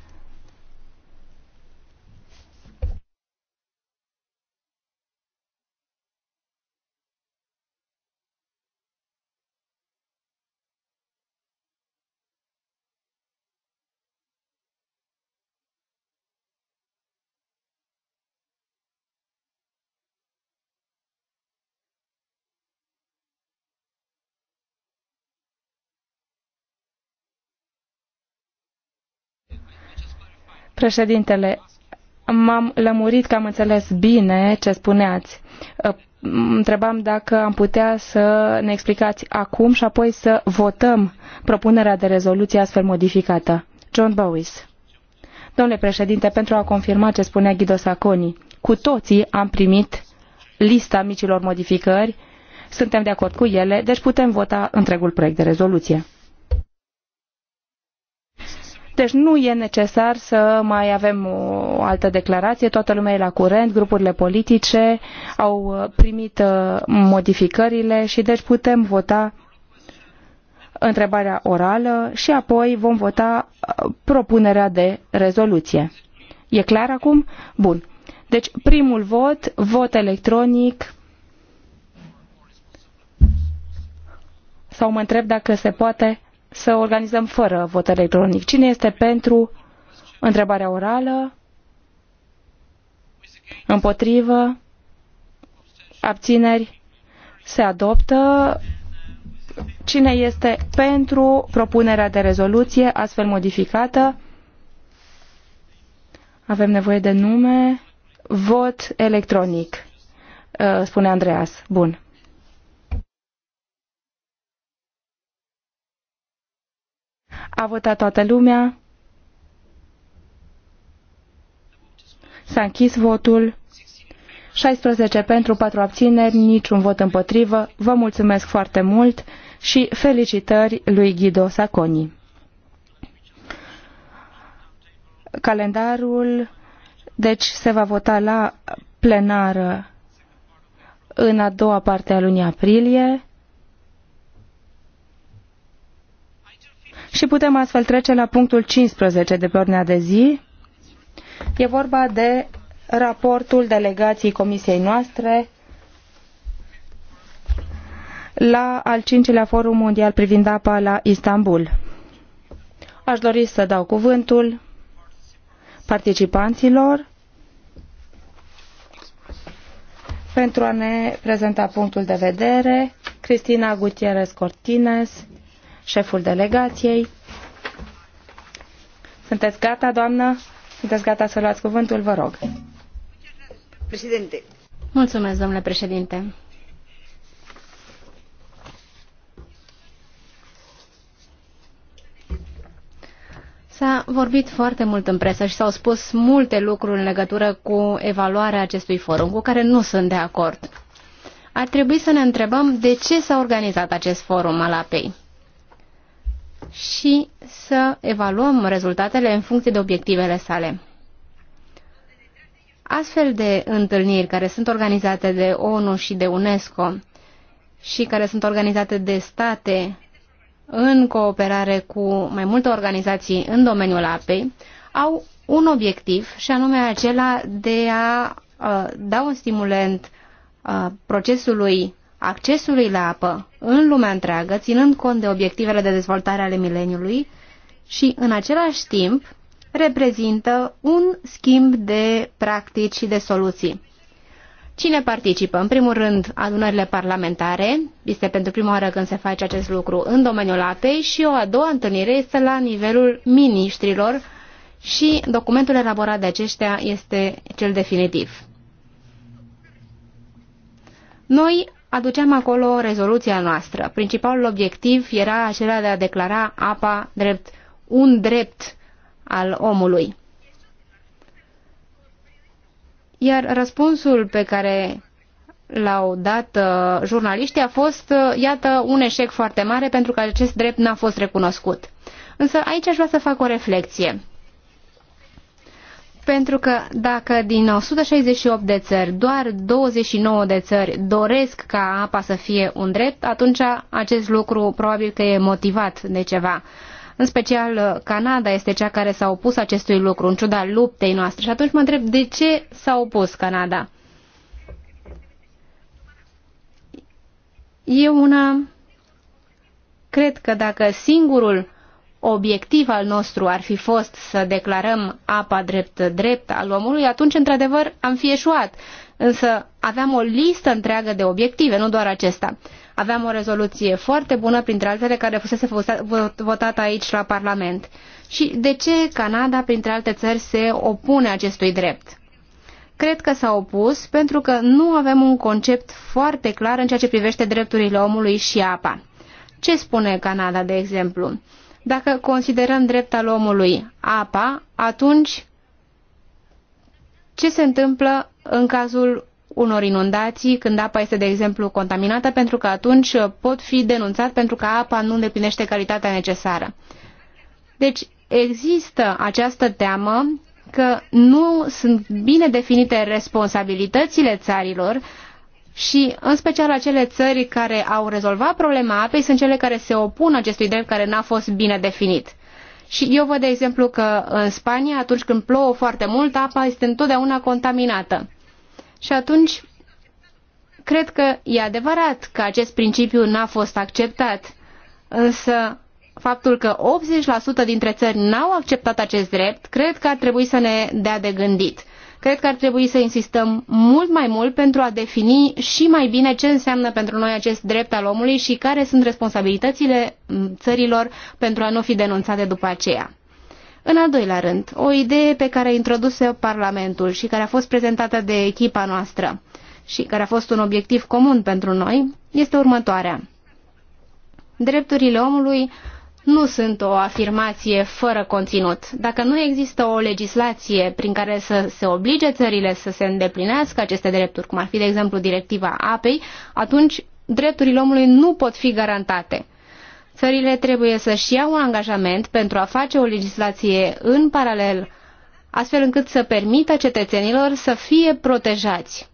Președintele, m-am lămurit că am înțeles bine ce spuneați. Ă, întrebam dacă am putea să ne explicați acum și apoi să votăm propunerea de rezoluție astfel modificată. John Bowis. Domnule președinte, pentru a confirma ce spunea Guido Sacconi, cu toții am primit lista micilor modificări, suntem de acord cu ele, deci putem vota întregul proiect de rezoluție. Deci nu e necesar să mai avem o altă declarație, toată lumea e la curent, grupurile politice au uh, primit uh, modificările și deci putem vota întrebarea orală și apoi vom vota uh, propunerea de rezoluție. E clar acum? Bun. Deci primul vot, vot electronic. Sau mă întreb dacă se poate să organizăm fără vot electronic. Cine este pentru întrebarea orală? Împotrivă? Abțineri? Se adoptă. Cine este pentru propunerea de rezoluție astfel modificată? Avem nevoie de nume. Vot electronic, uh, spune Andreas. Bun. A votat toată lumea. S-a închis votul. 16 pentru, 4 abțineri, niciun vot împotrivă. Vă mulțumesc foarte mult și felicitări lui Guido Saconi. Calendarul, deci, se va vota la plenară în a doua parte a lunii aprilie și putem astfel trece la punctul 15 de pe ordinea de zi. E vorba de raportul delegației comisiei noastre la al cincilea forum mondial privind apa la Istanbul. Aș dori să dau cuvântul participanților pentru a ne prezenta punctul de vedere. Cristina Gutierrez Cortines, șeful delegației. Sunteți gata, doamnă? Sunteți gata să luați cuvântul? Vă rog. Președinte. Mulțumesc, domnule președinte. S-a vorbit foarte mult în presă și s-au spus multe lucruri în legătură cu evaluarea acestui forum, cu care nu sunt de acord. Ar trebui să ne întrebăm de ce s-a organizat acest forum al APEI și să evaluăm rezultatele în funcție de obiectivele sale. Astfel de întâlniri care sunt organizate de ONU și de UNESCO și care sunt organizate de state în cooperare cu mai multe organizații în domeniul apei, au un obiectiv și anume acela de a uh, da un stimulent uh, procesului accesului la apă în lumea întreagă, ținând cont de obiectivele de dezvoltare ale mileniului și, în același timp, reprezintă un schimb de practici și de soluții. Cine participă? În primul rând, adunările parlamentare. Este pentru prima oară când se face acest lucru în domeniul apei și o a doua întâlnire este la nivelul miniștrilor și documentul elaborat de aceștia este cel definitiv. Noi aduceam acolo rezoluția noastră. Principalul obiectiv era acela de a declara apa drept un drept al omului. Iar răspunsul pe care l-au dat uh, jurnaliștii a fost, uh, iată, un eșec foarte mare pentru că acest drept n-a fost recunoscut. Însă aici aș vrea să fac o reflexie. Pentru că dacă din 168 de țări, doar 29 de țări doresc ca apa să fie un drept, atunci acest lucru probabil că e motivat de ceva. În special Canada este cea care s-a opus acestui lucru, în ciuda luptei noastre. Și atunci mă întreb de ce s-a opus Canada. E una cred că dacă singurul obiectiv al nostru ar fi fost să declarăm apa drept drept al omului, atunci, într-adevăr, am fi eșuat. Însă aveam o listă întreagă de obiective, nu doar acesta. Aveam o rezoluție foarte bună, printre altele, care fusese votată aici la Parlament. Și de ce Canada, printre alte țări, se opune acestui drept? Cred că s-a opus pentru că nu avem un concept foarte clar în ceea ce privește drepturile omului și apa. Ce spune Canada, de exemplu? Dacă considerăm drept al omului apa, atunci ce se întâmplă în cazul unor inundații, când apa este, de exemplu, contaminată, pentru că atunci pot fi denunțat pentru că apa nu îndeplinește calitatea necesară. Deci există această teamă că nu sunt bine definite responsabilitățile țarilor și în special acele țări care au rezolvat problema apei sunt cele care se opun acestui drept care n-a fost bine definit. Și eu văd de exemplu că în Spania, atunci când plouă foarte mult, apa este întotdeauna contaminată. Și atunci, cred că e adevărat că acest principiu n-a fost acceptat, însă faptul că 80% dintre țări n-au acceptat acest drept, cred că ar trebui să ne dea de gândit. Cred că ar trebui să insistăm mult mai mult pentru a defini și mai bine ce înseamnă pentru noi acest drept al omului și care sunt responsabilitățile mm, țărilor pentru a nu fi denunțate după aceea. În al doilea rând, o idee pe care a introdus-o Parlamentul și care a fost prezentată de echipa noastră și care a fost un obiectiv comun pentru noi, este următoarea. Drepturile omului nu sunt o afirmație fără conținut. Dacă nu există o legislație prin care să se oblige țările să se îndeplinească aceste drepturi, cum ar fi, de exemplu, directiva apei, atunci drepturile omului nu pot fi garantate. Țările trebuie să-și iau un angajament pentru a face o legislație în paralel, astfel încât să permită cetățenilor să fie protejați.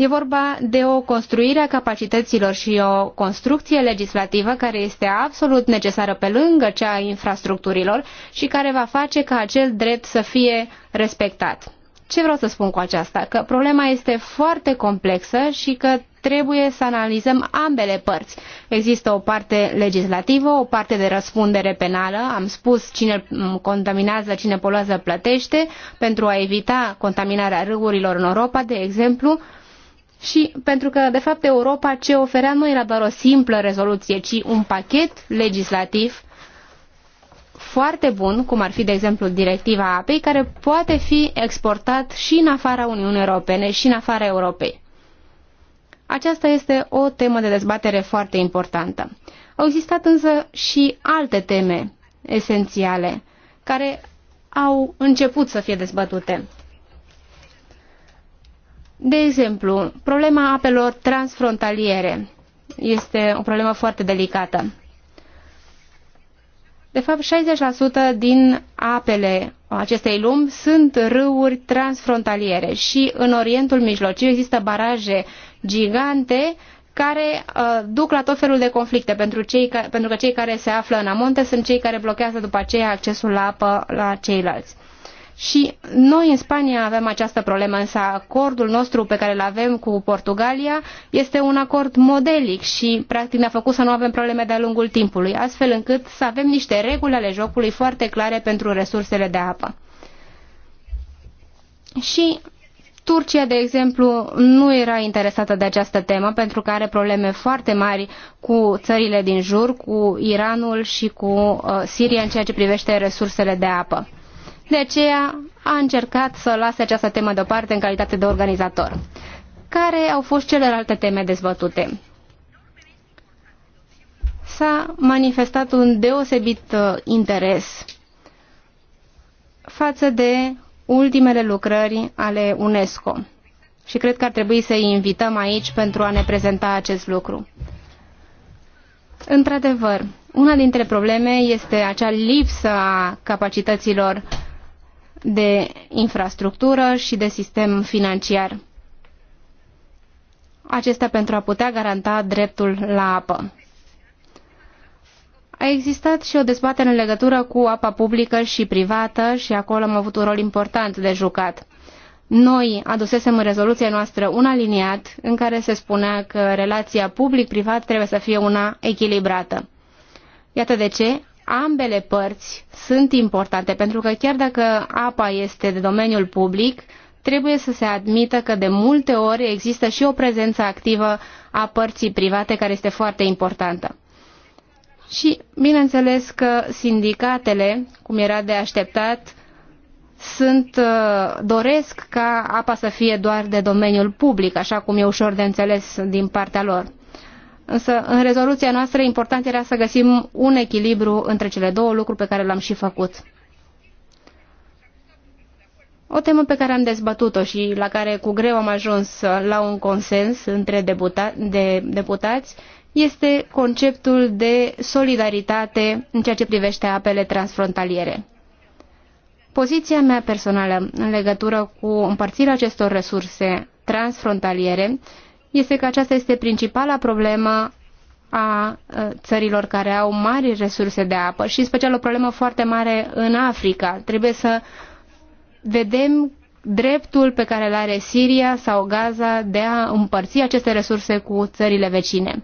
E vorba de o construire a capacităților și o construcție legislativă care este absolut necesară pe lângă cea a infrastructurilor și care va face ca acel drept să fie respectat. Ce vreau să spun cu aceasta? Că problema este foarte complexă și că trebuie să analizăm ambele părți. Există o parte legislativă, o parte de răspundere penală. Am spus cine contaminează, cine poluează plătește pentru a evita contaminarea râurilor în Europa, de exemplu, și pentru că, de fapt, Europa ce oferea nu era doar o simplă rezoluție, ci un pachet legislativ foarte bun, cum ar fi, de exemplu, directiva apei, care poate fi exportat și în afara Uniunii Europene și în afara Europei. Aceasta este o temă de dezbatere foarte importantă. Au existat însă și alte teme esențiale care au început să fie dezbătute. De exemplu, problema apelor transfrontaliere este o problemă foarte delicată. De fapt, 60% din apele acestei lumi sunt râuri transfrontaliere și în Orientul Mijlociu există baraje gigante care uh, duc la tot felul de conflicte, pentru, cei ca, pentru că cei care se află în amonte sunt cei care blochează după aceea accesul la apă la ceilalți. Și noi în Spania avem această problemă, însă acordul nostru pe care îl avem cu Portugalia este un acord modelic și practic ne-a făcut să nu avem probleme de-a lungul timpului, astfel încât să avem niște reguli ale jocului foarte clare pentru resursele de apă. Și Turcia, de exemplu, nu era interesată de această temă pentru că are probleme foarte mari cu țările din jur, cu Iranul și cu uh, Siria în ceea ce privește resursele de apă. De aceea a încercat să lase această temă deoparte în calitate de organizator. Care au fost celelalte teme dezbătute? S-a manifestat un deosebit uh, interes față de ultimele lucrări ale UNESCO. Și cred că ar trebui să-i invităm aici pentru a ne prezenta acest lucru. Într-adevăr, una dintre probleme este acea lipsă a capacităților de infrastructură și de sistem financiar. Acestea pentru a putea garanta dreptul la apă. A existat și o dezbatere în legătură cu apa publică și privată și acolo am avut un rol important de jucat. Noi adusesem în rezoluția noastră un aliniat în care se spunea că relația public-privat trebuie să fie una echilibrată. Iată de ce ambele părți sunt importante, pentru că chiar dacă apa este de domeniul public, trebuie să se admită că de multe ori există și o prezență activă a părții private care este foarte importantă. Și, bineînțeles, că sindicatele, cum era de așteptat, sunt, uh, doresc ca apa să fie doar de domeniul public, așa cum e ușor de înțeles din partea lor. Însă, în rezoluția noastră, important era să găsim un echilibru între cele două lucruri pe care l-am și făcut. O temă pe care am dezbătut-o și la care cu greu am ajuns la un consens între deputa de deputați este conceptul de solidaritate în ceea ce privește apele transfrontaliere. Poziția mea personală în legătură cu împărțirea acestor resurse transfrontaliere este că aceasta este principala problemă a țărilor care au mari resurse de apă și în special o problemă foarte mare în Africa. Trebuie să vedem dreptul pe care îl are Siria sau Gaza de a împărți aceste resurse cu țările vecine.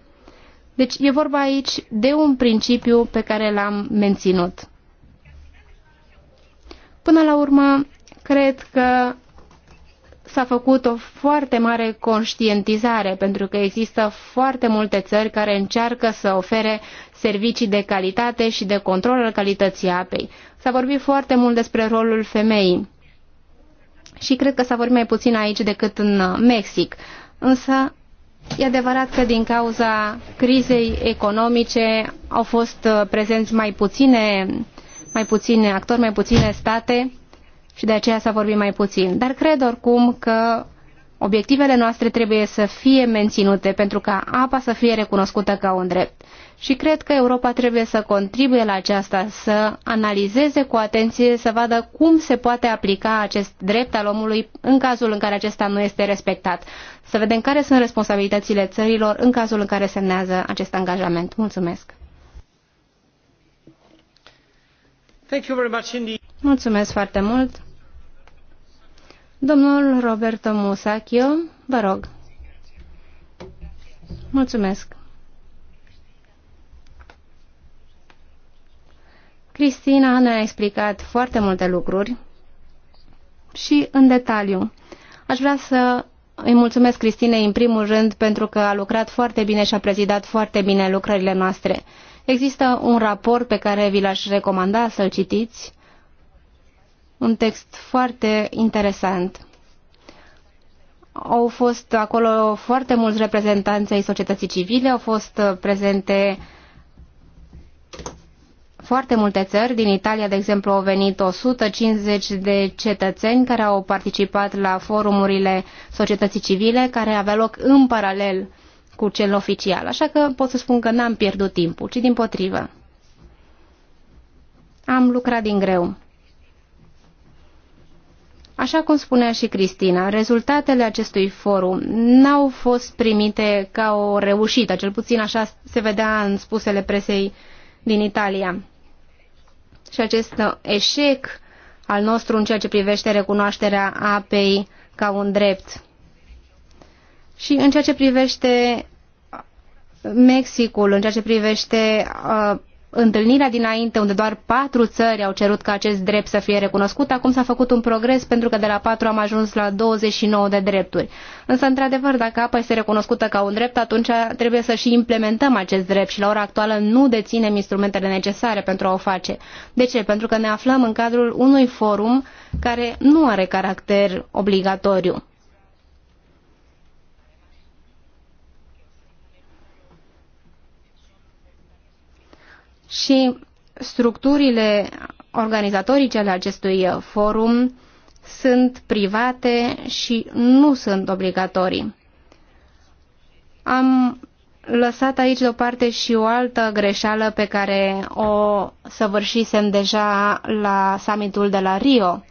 Deci e vorba aici de un principiu pe care l-am menținut. Până la urmă, cred că s-a făcut o foarte mare conștientizare, pentru că există foarte multe țări care încearcă să ofere servicii de calitate și de control al calității apei. S-a vorbit foarte mult despre rolul femeii și cred că s-a vorbit mai puțin aici decât în Mexic. Însă E adevărat că din cauza crizei economice au fost prezenți mai puține, mai puține actori, mai puține state și de aceea să vorbim mai puțin. Dar cred oricum că obiectivele noastre trebuie să fie menținute pentru ca apa să fie recunoscută ca un drept. Și cred că Europa trebuie să contribuie la aceasta, să analizeze cu atenție, să vadă cum se poate aplica acest drept al omului în cazul în care acesta nu este respectat. Să vedem care sunt responsabilitățile țărilor în cazul în care semnează acest angajament. Mulțumesc! Thank you very much indeed. Mulțumesc foarte mult. Domnul Roberto Musacchio, vă rog. Mulțumesc. Cristina ne-a explicat foarte multe lucruri și în detaliu. Aș vrea să îi mulțumesc Cristinei în primul rând pentru că a lucrat foarte bine și a prezidat foarte bine lucrările noastre. Există un raport pe care vi l-aș recomanda să-l citiți un text foarte interesant. Au fost acolo foarte mulți reprezentanți ai societății civile, au fost uh, prezente foarte multe țări. Din Italia, de exemplu, au venit 150 de cetățeni care au participat la forumurile societății civile, care avea loc în paralel cu cel oficial. Așa că pot să spun că n-am pierdut timpul, ci din potrivă. Am lucrat din greu. Așa cum spunea și Cristina, rezultatele acestui forum n-au fost primite ca o reușită, cel puțin așa se vedea în spusele presei din Italia. Și acest eșec al nostru în ceea ce privește recunoașterea apei ca un drept. Și în ceea ce privește Mexicul, în ceea ce privește uh, întâlnirea dinainte, unde doar patru țări au cerut ca acest drept să fie recunoscut, acum s-a făcut un progres pentru că de la patru am ajuns la 29 de drepturi. Însă, într-adevăr, dacă apa este recunoscută ca un drept, atunci trebuie să și implementăm acest drept și la ora actuală nu deținem instrumentele necesare pentru a o face. De ce? Pentru că ne aflăm în cadrul unui forum care nu are caracter obligatoriu. și structurile organizatorice ale acestui forum sunt private și nu sunt obligatorii. Am lăsat aici deoparte și o altă greșeală pe care o săvârșisem deja la summitul de la Rio,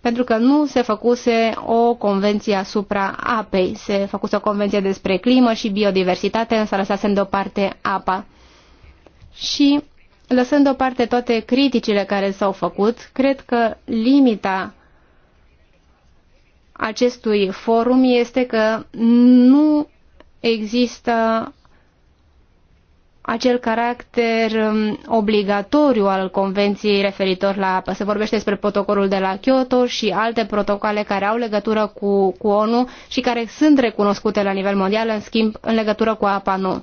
pentru că nu se făcuse o convenție asupra apei, se făcuse o convenție despre climă și biodiversitate, însă lăsasem deoparte apa. Și lăsând deoparte toate criticile care s-au făcut, cred că limita acestui forum este că nu există acel caracter um, obligatoriu al convenției referitor la, apă. se vorbește despre protocolul de la Kyoto și alte protocoale care au legătură cu, cu ONU și care sunt recunoscute la nivel mondial, în schimb, în legătură cu APA nu.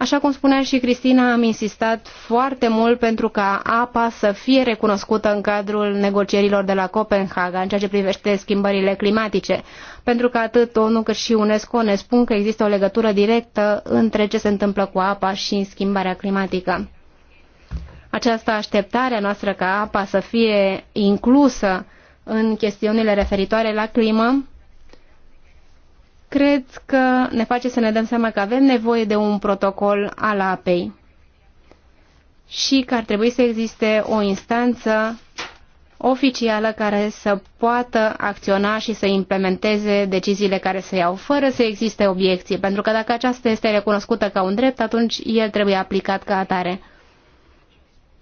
Așa cum spunea și Cristina, am insistat foarte mult pentru ca apa să fie recunoscută în cadrul negocierilor de la Copenhaga în ceea ce privește schimbările climatice, pentru că atât ONU cât și UNESCO ne spun că există o legătură directă între ce se întâmplă cu apa și schimbarea climatică. Această așteptare a noastră ca apa să fie inclusă în chestiunile referitoare la climă cred că ne face să ne dăm seama că avem nevoie de un protocol al apei și că ar trebui să existe o instanță oficială care să poată acționa și să implementeze deciziile care se iau, fără să existe obiecție, pentru că dacă aceasta este recunoscută ca un drept, atunci el trebuie aplicat ca atare.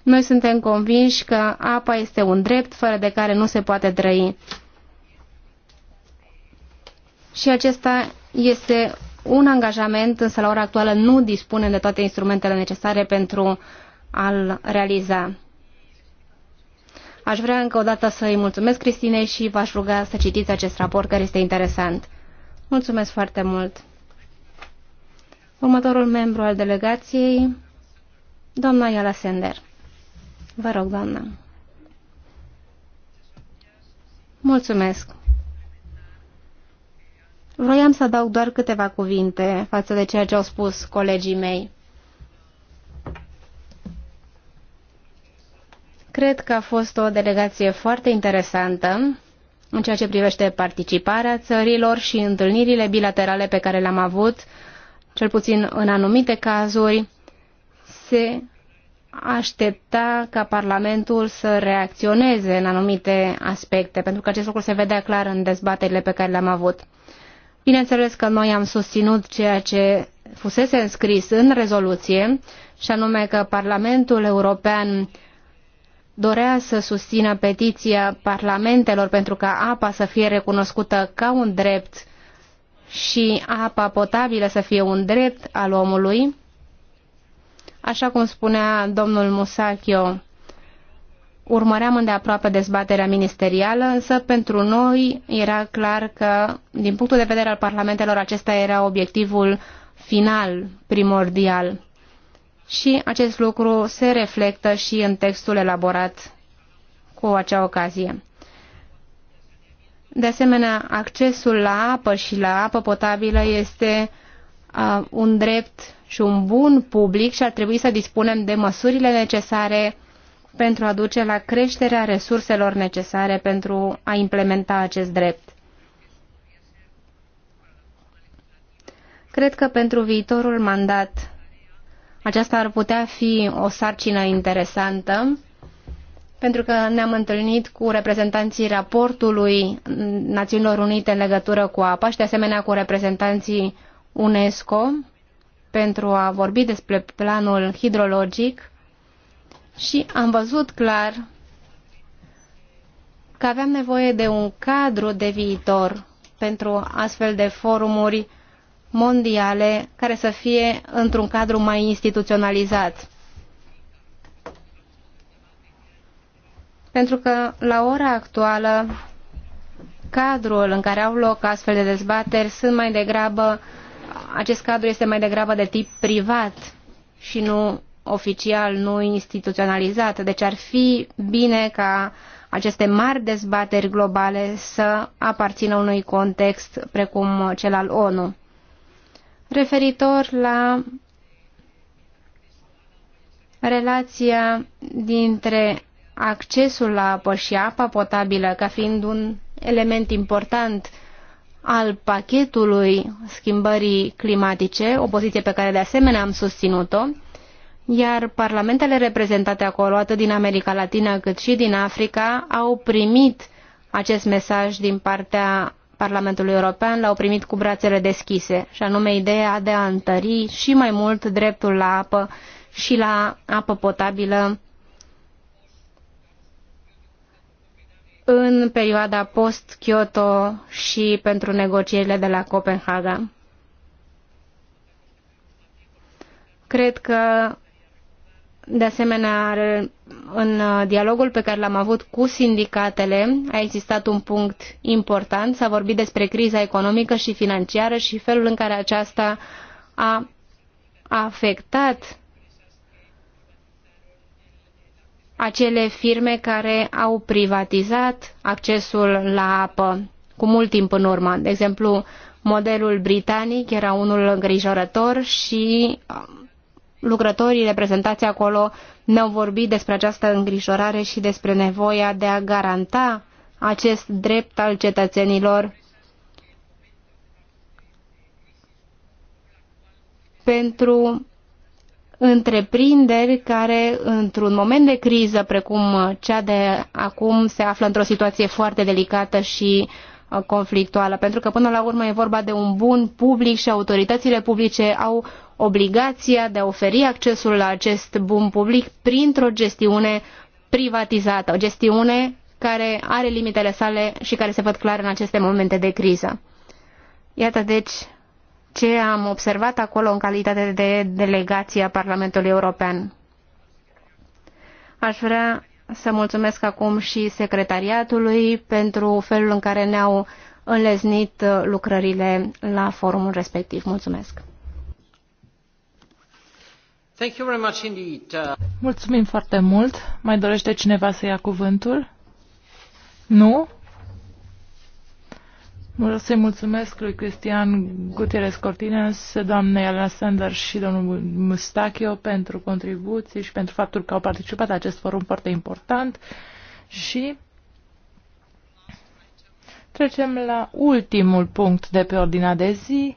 Noi suntem convinși că apa este un drept fără de care nu se poate trăi și acesta este un angajament, însă la ora actuală nu dispune de toate instrumentele necesare pentru a-l realiza. Aș vrea încă o dată să îi mulțumesc Cristinei și v-aș ruga să citiți acest raport care este interesant. Mulțumesc foarte mult! Următorul membru al delegației, doamna Iala Sender. Vă rog, doamna. Mulțumesc! Vroiam să adaug doar câteva cuvinte față de ceea ce au spus colegii mei. Cred că a fost o delegație foarte interesantă în ceea ce privește participarea țărilor și întâlnirile bilaterale pe care le-am avut, cel puțin în anumite cazuri, se aștepta ca Parlamentul să reacționeze în anumite aspecte, pentru că acest lucru se vedea clar în dezbaterile pe care le-am avut. Bineînțeles că noi am susținut ceea ce fusese înscris în rezoluție, și anume că Parlamentul European dorea să susțină petiția parlamentelor pentru ca apa să fie recunoscută ca un drept și apa potabilă să fie un drept al omului, așa cum spunea domnul Musacchio Urmăream îndeaproape dezbaterea ministerială, însă pentru noi era clar că, din punctul de vedere al parlamentelor, acesta era obiectivul final, primordial. Și acest lucru se reflectă și în textul elaborat cu acea ocazie. De asemenea, accesul la apă și la apă potabilă este uh, un drept și un bun public și ar trebui să dispunem de măsurile necesare pentru a duce la creșterea resurselor necesare pentru a implementa acest drept. Cred că pentru viitorul mandat aceasta ar putea fi o sarcină interesantă, pentru că ne-am întâlnit cu reprezentanții raportului Națiunilor Unite în legătură cu apa și de asemenea cu reprezentanții UNESCO pentru a vorbi despre planul hidrologic și am văzut clar că aveam nevoie de un cadru de viitor pentru astfel de forumuri mondiale care să fie într-un cadru mai instituționalizat. Pentru că la ora actuală cadrul în care au loc astfel de dezbateri sunt mai degrabă acest cadru este mai degrabă de tip privat și nu oficial, nu instituționalizat. Deci ar fi bine ca aceste mari dezbateri globale să aparțină unui context precum cel al ONU. Referitor la relația dintre accesul la apă și apa potabilă ca fiind un element important al pachetului schimbării climatice, o poziție pe care de asemenea am susținut-o, iar parlamentele reprezentate acolo, atât din America Latină cât și din Africa, au primit acest mesaj din partea Parlamentului European, l-au primit cu brațele deschise, și anume ideea de a întări și mai mult dreptul la apă și la apă potabilă în perioada post-Kyoto și pentru negocierile de la Copenhaga. Cred că de asemenea, în uh, dialogul pe care l-am avut cu sindicatele, a existat un punct important. S-a vorbit despre criza economică și financiară și felul în care aceasta a afectat acele firme care au privatizat accesul la apă cu mult timp în urmă. De exemplu, modelul britanic era unul îngrijorător și uh, lucrătorii reprezentați acolo ne-au vorbit despre această îngrijorare și despre nevoia de a garanta acest drept al cetățenilor pentru întreprinderi care, într-un moment de criză precum cea de acum, se află într-o situație foarte delicată și uh, conflictuală, pentru că până la urmă e vorba de un bun public și autoritățile publice au obligația de a oferi accesul la acest bun public printr-o gestiune privatizată, o gestiune care are limitele sale și care se văd clar în aceste momente de criză. Iată deci ce am observat acolo în calitate de delegație a Parlamentului European. Aș vrea să mulțumesc acum și secretariatului pentru felul în care ne-au înleznit lucrările la forumul respectiv. Mulțumesc! Uh, Mulțumim foarte mult. Mai dorește cineva să ia cuvântul? Nu? Vreau să-i mulțumesc lui Cristian Gutierrez Cortines, doamnei Alexander și domnul Mustachio pentru contribuții și pentru faptul că au participat la acest forum foarte important. Și trecem la ultimul punct de pe ordinea de zi,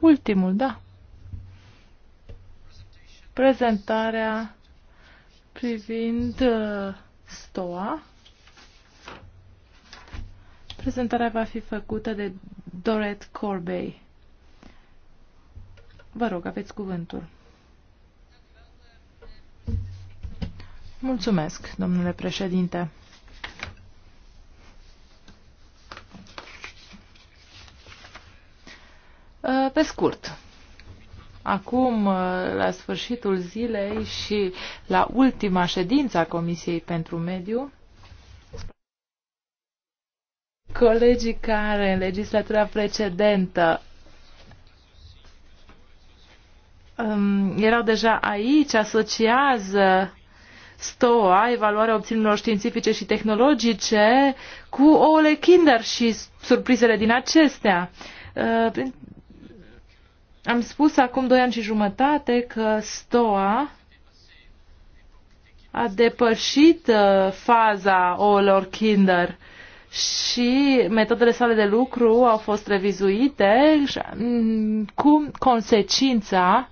Ultimul, da. Prezentarea privind uh, STOA. Prezentarea va fi făcută de Doret Corbey. Vă rog, aveți cuvântul. Mulțumesc, domnule președinte. Eh, pe scurt, acum, eh, la sfârșitul zilei și la ultima ședință a Comisiei pentru Mediu, colegii care în legislatura precedentă um, erau deja aici, asociază STOA, evaluarea opțiunilor științifice și tehnologice, cu ouăle kinder și surprizele din acestea. Uh, am spus acum doi ani și jumătate că STOA a depășit uh, faza oilor kinder și metodele sale de lucru au fost revizuite mm, cu consecința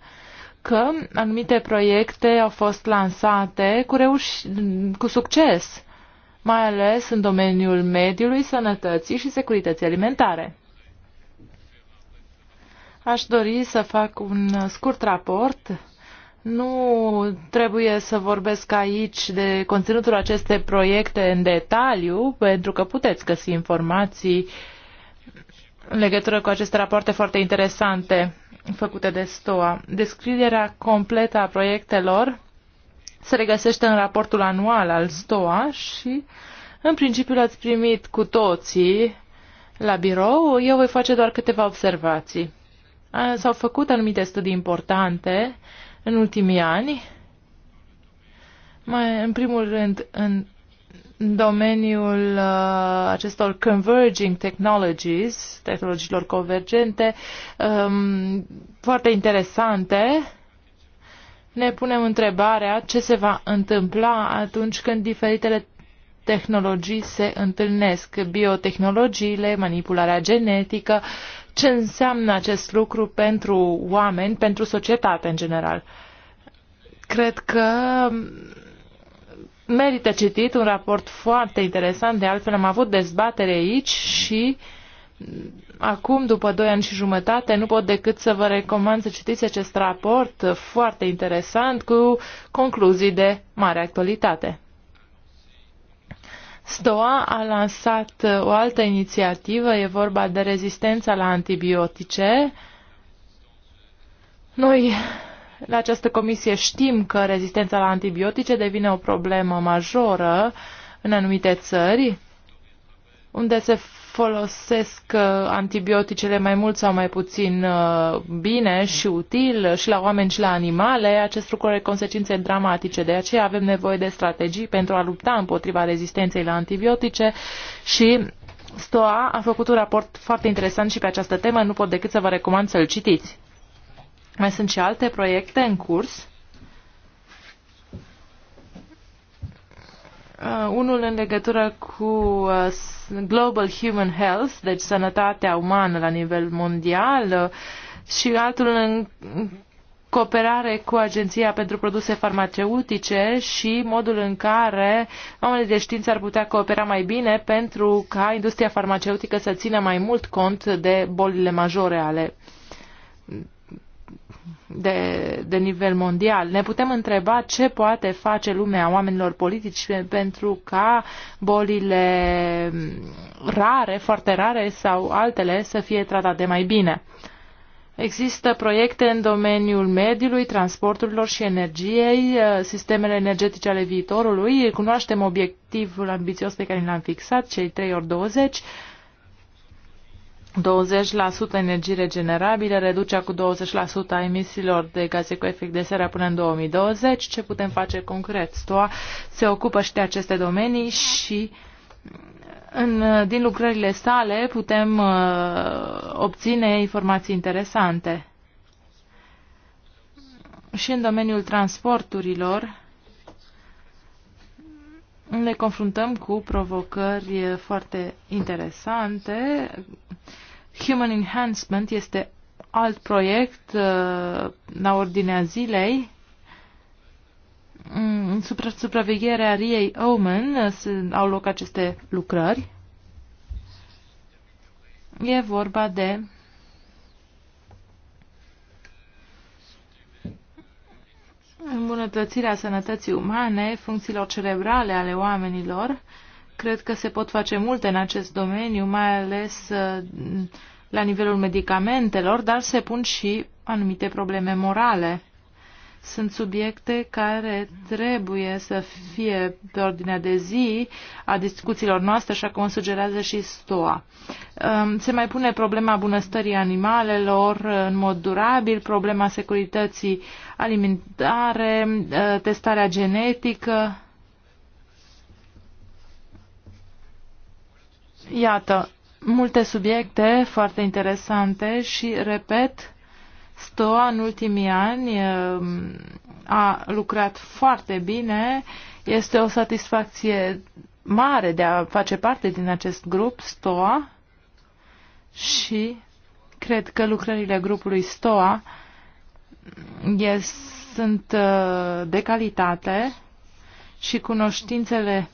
că anumite proiecte au fost lansate cu, reuș- cu succes, mai ales în domeniul mediului, sănătății și securității alimentare. Aș dori să fac un scurt raport. Nu trebuie să vorbesc aici de conținutul acestei proiecte în detaliu, pentru că puteți găsi informații în legătură cu aceste rapoarte foarte interesante făcute de STOA. Descrierea completă a proiectelor se regăsește în raportul anual al STOA și, în principiu, l-ați primit cu toții la birou. Eu voi face doar câteva observații. S-au făcut anumite studii importante în ultimii ani, mai, în primul rând în domeniul uh, acestor converging technologies, tehnologiilor convergente, um, foarte interesante, ne punem întrebarea ce se va întâmpla atunci când diferitele tehnologii se întâlnesc, biotehnologiile, manipularea genetică, ce înseamnă acest lucru pentru oameni, pentru societate în general. Cred că merită citit un raport foarte interesant, de altfel am avut dezbatere aici și acum, după doi ani și jumătate, nu pot decât să vă recomand să citiți acest raport foarte interesant cu concluzii de mare actualitate. STOA a lansat o altă inițiativă, e vorba de rezistența la antibiotice. Noi la această comisie știm că rezistența la antibiotice devine o problemă majoră în anumite țări, unde se folosesc uh, antibioticele mai mult sau mai puțin uh, bine și util și la oameni și la animale, acest lucru are consecințe dramatice. De aceea avem nevoie de strategii pentru a lupta împotriva rezistenței la antibiotice și STOA a făcut un raport foarte interesant și pe această temă, nu pot decât să vă recomand să-l citiți. Mai sunt și alte proiecte în curs Uh, unul în legătură cu uh, Global Human Health, deci sănătatea umană la nivel mondial, uh, și altul în cooperare cu Agenția pentru Produse Farmaceutice și modul în care oamenii de știință ar putea coopera mai bine pentru ca industria farmaceutică să țină mai mult cont de bolile majore ale de, de nivel mondial. Ne putem întreba ce poate face lumea oamenilor politici pentru ca bolile rare, foarte rare sau altele să fie tratate mai bine. Există proiecte în domeniul mediului, transporturilor și energiei, sistemele energetice ale viitorului. Cunoaștem obiectivul ambițios pe care l-am fixat, cei 3 ori 20 20% energii regenerabile, reducerea cu 20% a emisiilor de gaze cu efect de seră până în 2020. Ce putem face concret? STOA se ocupă și de aceste domenii și în, din lucrările sale putem uh, obține informații interesante. Și în domeniul transporturilor ne confruntăm cu provocări foarte interesante. Uh, Human Enhancement este alt proiect uh, la ordinea zilei. Mm, în supra supravegherea Riei Omen uh, au loc aceste lucrări. E vorba de îmbunătățirea sănătății umane, funcțiilor cerebrale ale oamenilor, Cred că se pot face multe în acest domeniu, mai ales uh, la nivelul medicamentelor, dar se pun și anumite probleme morale. Sunt subiecte care trebuie să fie pe ordinea de zi a discuțiilor noastre, așa cum sugerează și STOA. Um, se mai pune problema bunăstării animalelor uh, în mod durabil, problema securității alimentare, uh, testarea genetică, Iată, multe subiecte foarte interesante și, repet, STOA în ultimii ani um, a lucrat foarte bine. Este o satisfacție mare de a face parte din acest grup STOA și cred că lucrările grupului STOA sunt uh, de calitate și cunoștințele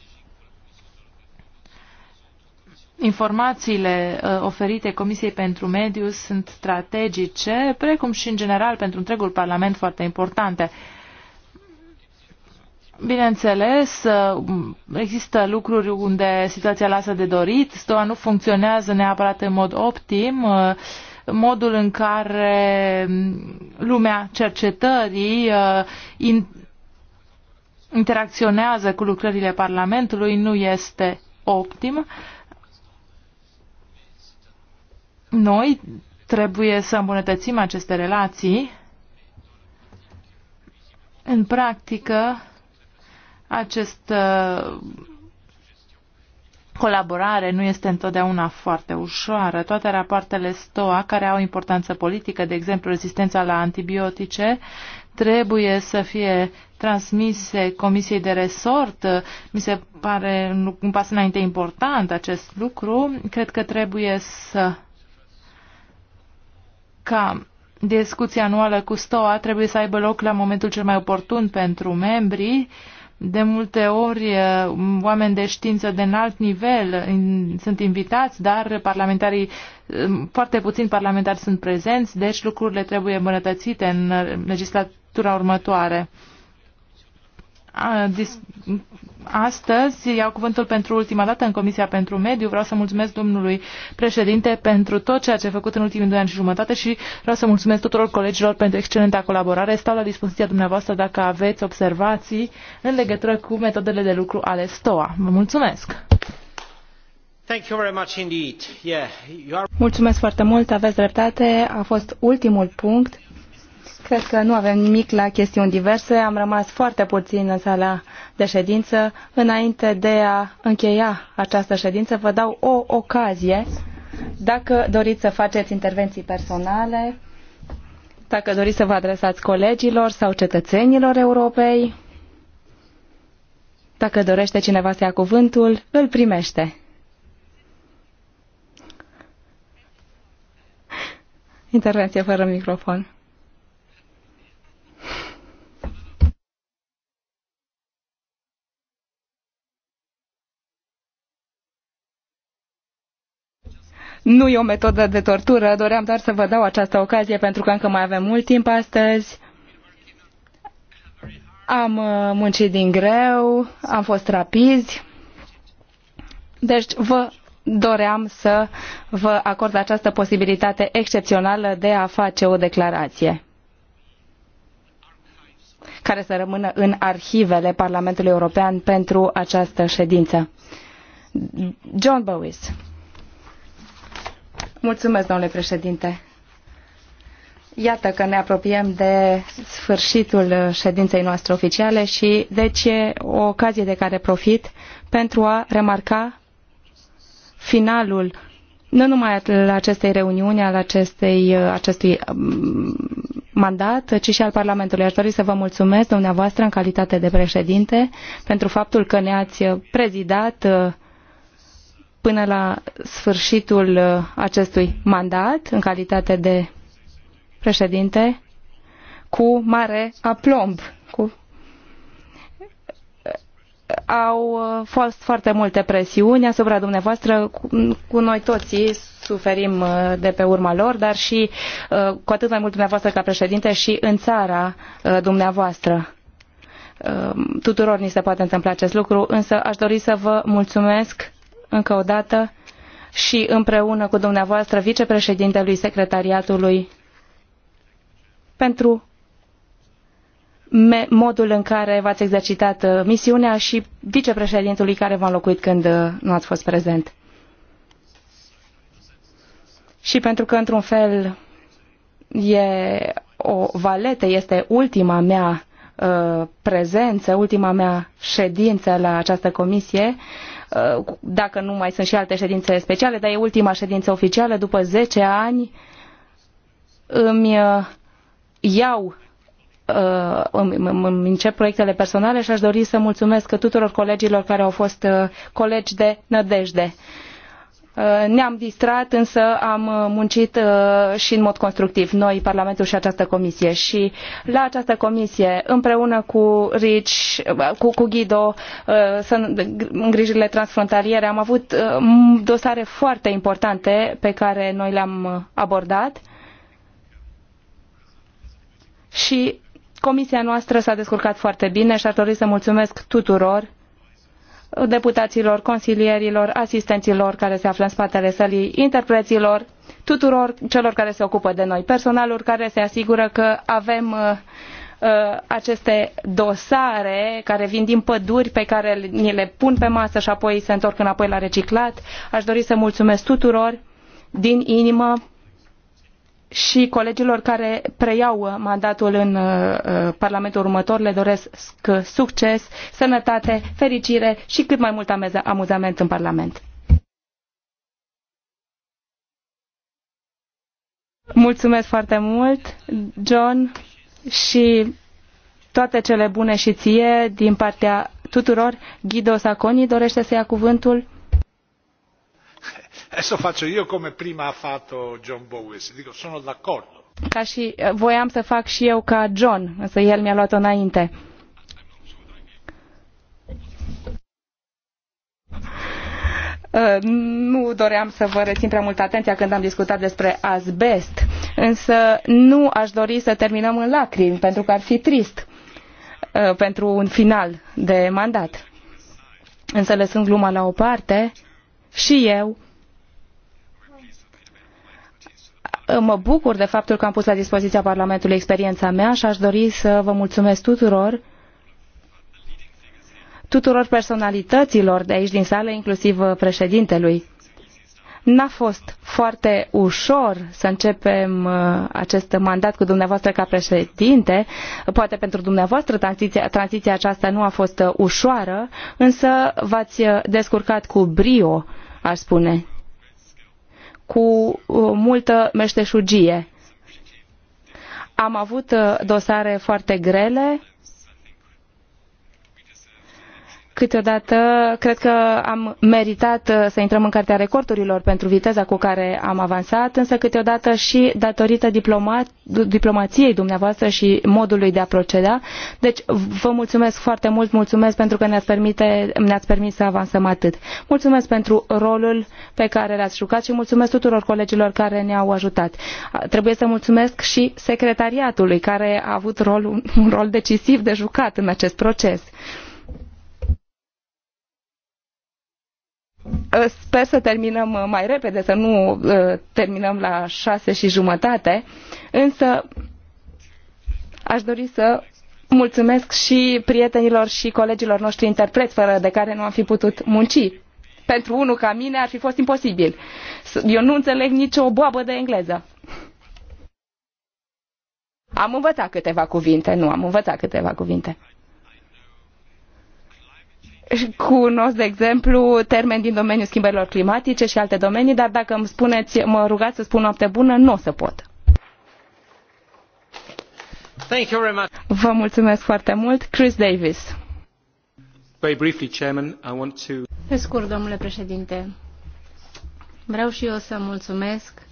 informațiile uh, oferite Comisiei pentru Mediu sunt strategice, precum și în general pentru întregul Parlament foarte importante. Bineînțeles, uh, există lucruri unde situația lasă de dorit, STOA nu funcționează neapărat în mod optim, uh, modul în care um, lumea cercetării interacționează cu lucrările Parlamentului nu este optim noi trebuie să îmbunătățim aceste relații. În practică, acest uh, colaborare nu este întotdeauna foarte ușoară. Toate rapoartele STOA, care au importanță politică, de exemplu rezistența la antibiotice, trebuie să fie transmise Comisiei de Resort. Mi se pare un pas înainte important acest lucru. Cred că trebuie să ca discuția anuală cu STOA trebuie să aibă loc la momentul cel mai oportun pentru membrii. De multe ori, eh, oameni de știință de înalt nivel sunt invitați, dar parlamentarii, eh, foarte puțini parlamentari sunt prezenți, deci lucrurile trebuie îmbunătățite în legislatura următoare. Astăzi iau cuvântul pentru ultima dată în Comisia pentru Mediu. Vreau să mulțumesc domnului președinte pentru tot ceea ce a făcut în ultimii doi ani și jumătate și vreau să mulțumesc tuturor colegilor pentru excelenta colaborare. Stau la dispoziția dumneavoastră dacă aveți observații în legătură cu metodele de lucru ale STOA. Vă mulțumesc! Mulțumesc foarte mult, aveți dreptate. A fost ultimul punct Cred că nu avem nimic la chestiuni diverse. Am rămas foarte puțin în sala de ședință. Înainte de a încheia această ședință, vă dau o ocazie. Dacă doriți să faceți intervenții personale, dacă doriți să vă adresați colegilor sau cetățenilor europei, dacă dorește cineva să ia cuvântul, îl primește. Intervenție fără microfon. Nu e o metodă de tortură, doream doar să vă dau această ocazie pentru că încă mai avem mult timp astăzi. Am uh, muncit din greu, am fost rapizi. Deci vă doream să vă acord această posibilitate excepțională de a face o declarație care să rămână în arhivele Parlamentului European pentru această ședință. John Bowis. Mulțumesc, domnule președinte. Iată că ne apropiem de sfârșitul ședinței noastre oficiale și deci e o ocazie de care profit pentru a remarca finalul nu numai al acestei reuniuni, al acestei, acestui um, mandat, ci și al Parlamentului. Aș dori să vă mulțumesc dumneavoastră în calitate de președinte pentru faptul că ne-ați prezidat uh, până la sfârșitul uh, acestui mandat, în calitate de președinte, cu mare aplomb, cu uh, au uh, fost foarte multe presiuni asupra dumneavoastră. Cu noi toții suferim de pe urma lor, dar și cu atât mai mult dumneavoastră ca președinte și în țara dumneavoastră. Tuturor ni se poate întâmpla acest lucru, însă aș dori să vă mulțumesc încă o dată și împreună cu dumneavoastră vicepreședintelui secretariatului pentru modul în care v-ați exercitat uh, misiunea și vicepreședintului care v-a înlocuit când uh, nu ați fost prezent. Și pentru că, într-un fel, e o valetă, este ultima mea uh, prezență, ultima mea ședință la această comisie, Uh, dacă nu mai sunt și alte ședințe speciale, dar e ultima ședință oficială după 10 ani îmi uh, iau uh, îmi încep proiectele personale și aș dori să mulțumesc tuturor colegilor care au fost colegi de nădejde. Uh, ne-am distrat, însă am uh, muncit uh, și în mod constructiv, noi, Parlamentul și această comisie. Și la această comisie, împreună cu Rich, cu, cu Guido, grijile transfrontaliere, am avut dosare foarte importante pe care noi le-am abordat. Și comisia noastră s-a descurcat foarte bine și ar dori să mulțumesc tuturor deputaților, consilierilor, asistenților care se află în spatele sălii, interpreților, tuturor celor care se ocupă de noi, personalul care se asigură că avem uh, uh, aceste dosare care vin din păduri pe care ni le pun pe masă și apoi se întorc înapoi la reciclat. Aș dori să mulțumesc tuturor din inimă și colegilor care preiau uh, mandatul în uh, uh, Parlamentul următor. Le doresc succes, sănătate, fericire și cât mai mult amuzament în Parlament. Mulțumesc foarte mult, John, și toate cele bune și ție din partea tuturor. Guido Saconi dorește să ia cuvântul. Adesso faccio io come prima ha fatto John Bowes, dico sono d'accordo. Ca și eh, voiam să fac și eu ca John, însă el mi-a luat-o înainte. Eh, nu doream să vă rețin prea mult atenția când am discutat despre asbest, însă nu aș dori să terminăm în lacrimi, pentru că ar fi trist eh, pentru un final de mandat. Însă lăsând gluma la o parte, și eu Uh, mă bucur de faptul că am pus la dispoziția Parlamentului experiența mea și aș dori să vă mulțumesc tuturor tuturor personalităților de aici din sală, inclusiv uh, președintelui. N-a fost foarte ușor să începem uh, acest mandat cu dumneavoastră ca președinte. Poate pentru dumneavoastră tranziția, tranziția aceasta nu a fost ușoară, însă v-ați descurcat cu brio, aș spune cu uh, multă meșteșugie. Am avut uh, dosare foarte grele Câteodată cred că am meritat uh, să intrăm în cartea recordurilor pentru viteza cu care am avansat, însă câteodată și datorită diploma, diplomației dumneavoastră și modului de a proceda. Deci vă mulțumesc foarte mult, mulțumesc pentru că ne-ați, permite, ne-ați permis să avansăm atât. Mulțumesc pentru rolul pe care l-ați jucat și mulțumesc tuturor colegilor care ne-au ajutat. Trebuie să mulțumesc și secretariatului care a avut rol, un rol decisiv de jucat în acest proces. Ă, sper să terminăm ă, mai repede, să nu ă, terminăm la șase și jumătate, însă aș dori să mulțumesc și prietenilor și colegilor noștri interpreți, fără de care nu am fi putut munci. Pentru unul ca mine ar fi fost imposibil. Eu nu înțeleg nicio boabă de engleză. Am învățat câteva cuvinte, nu, am învățat câteva cuvinte cunosc, de exemplu, termeni din domeniul schimbărilor climatice și alte domenii, dar dacă îmi spuneți, mă rugați să spun noapte bună, nu o să pot. Thank you very much. Vă mulțumesc foarte mult. Chris Davis. Very briefly, Chairman, I want to... Pe scurt, domnule președinte, vreau și eu să mulțumesc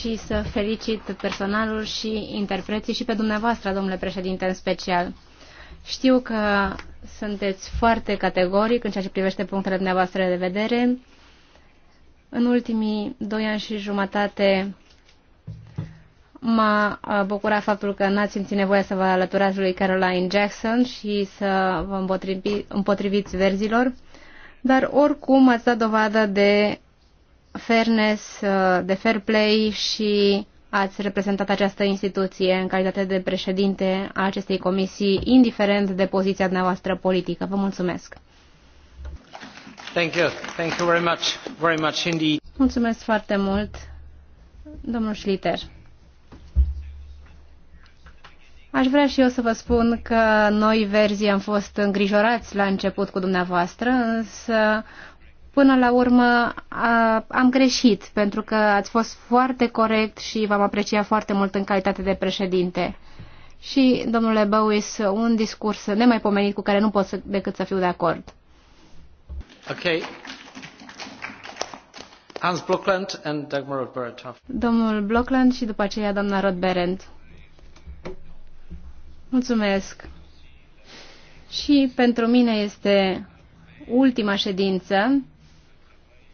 și să felicit personalul și interpreții și pe dumneavoastră, domnule președinte, în special. Știu că sunteți foarte categoric în ceea ce privește punctele dumneavoastră de vedere. În ultimii doi ani și jumătate m-a bucurat faptul că n-ați simțit nevoia să vă alăturați lui Caroline Jackson și să vă împotriviți verzilor, dar oricum ați dat dovadă de fairness, de fair play și ați reprezentat această instituție în calitate de președinte a acestei comisii, indiferent de poziția dumneavoastră politică. Vă mulțumesc! Thank you. Thank you very much. Very much indeed. Mulțumesc foarte mult, domnul Schlitter. Aș vrea și eu să vă spun că noi, verzii am fost îngrijorați la început cu dumneavoastră, însă până la urmă a, am greșit, pentru că ați fost foarte corect și v-am apreciat foarte mult în calitate de președinte. Și, domnule Bowis, un discurs nemaipomenit cu care nu pot să, decât să fiu de acord. Ok. Hans Blokland and Dagmar Rodberent. Domnul Blokland și după aceea doamna Rodberent. Mulțumesc. Și pentru mine este ultima ședință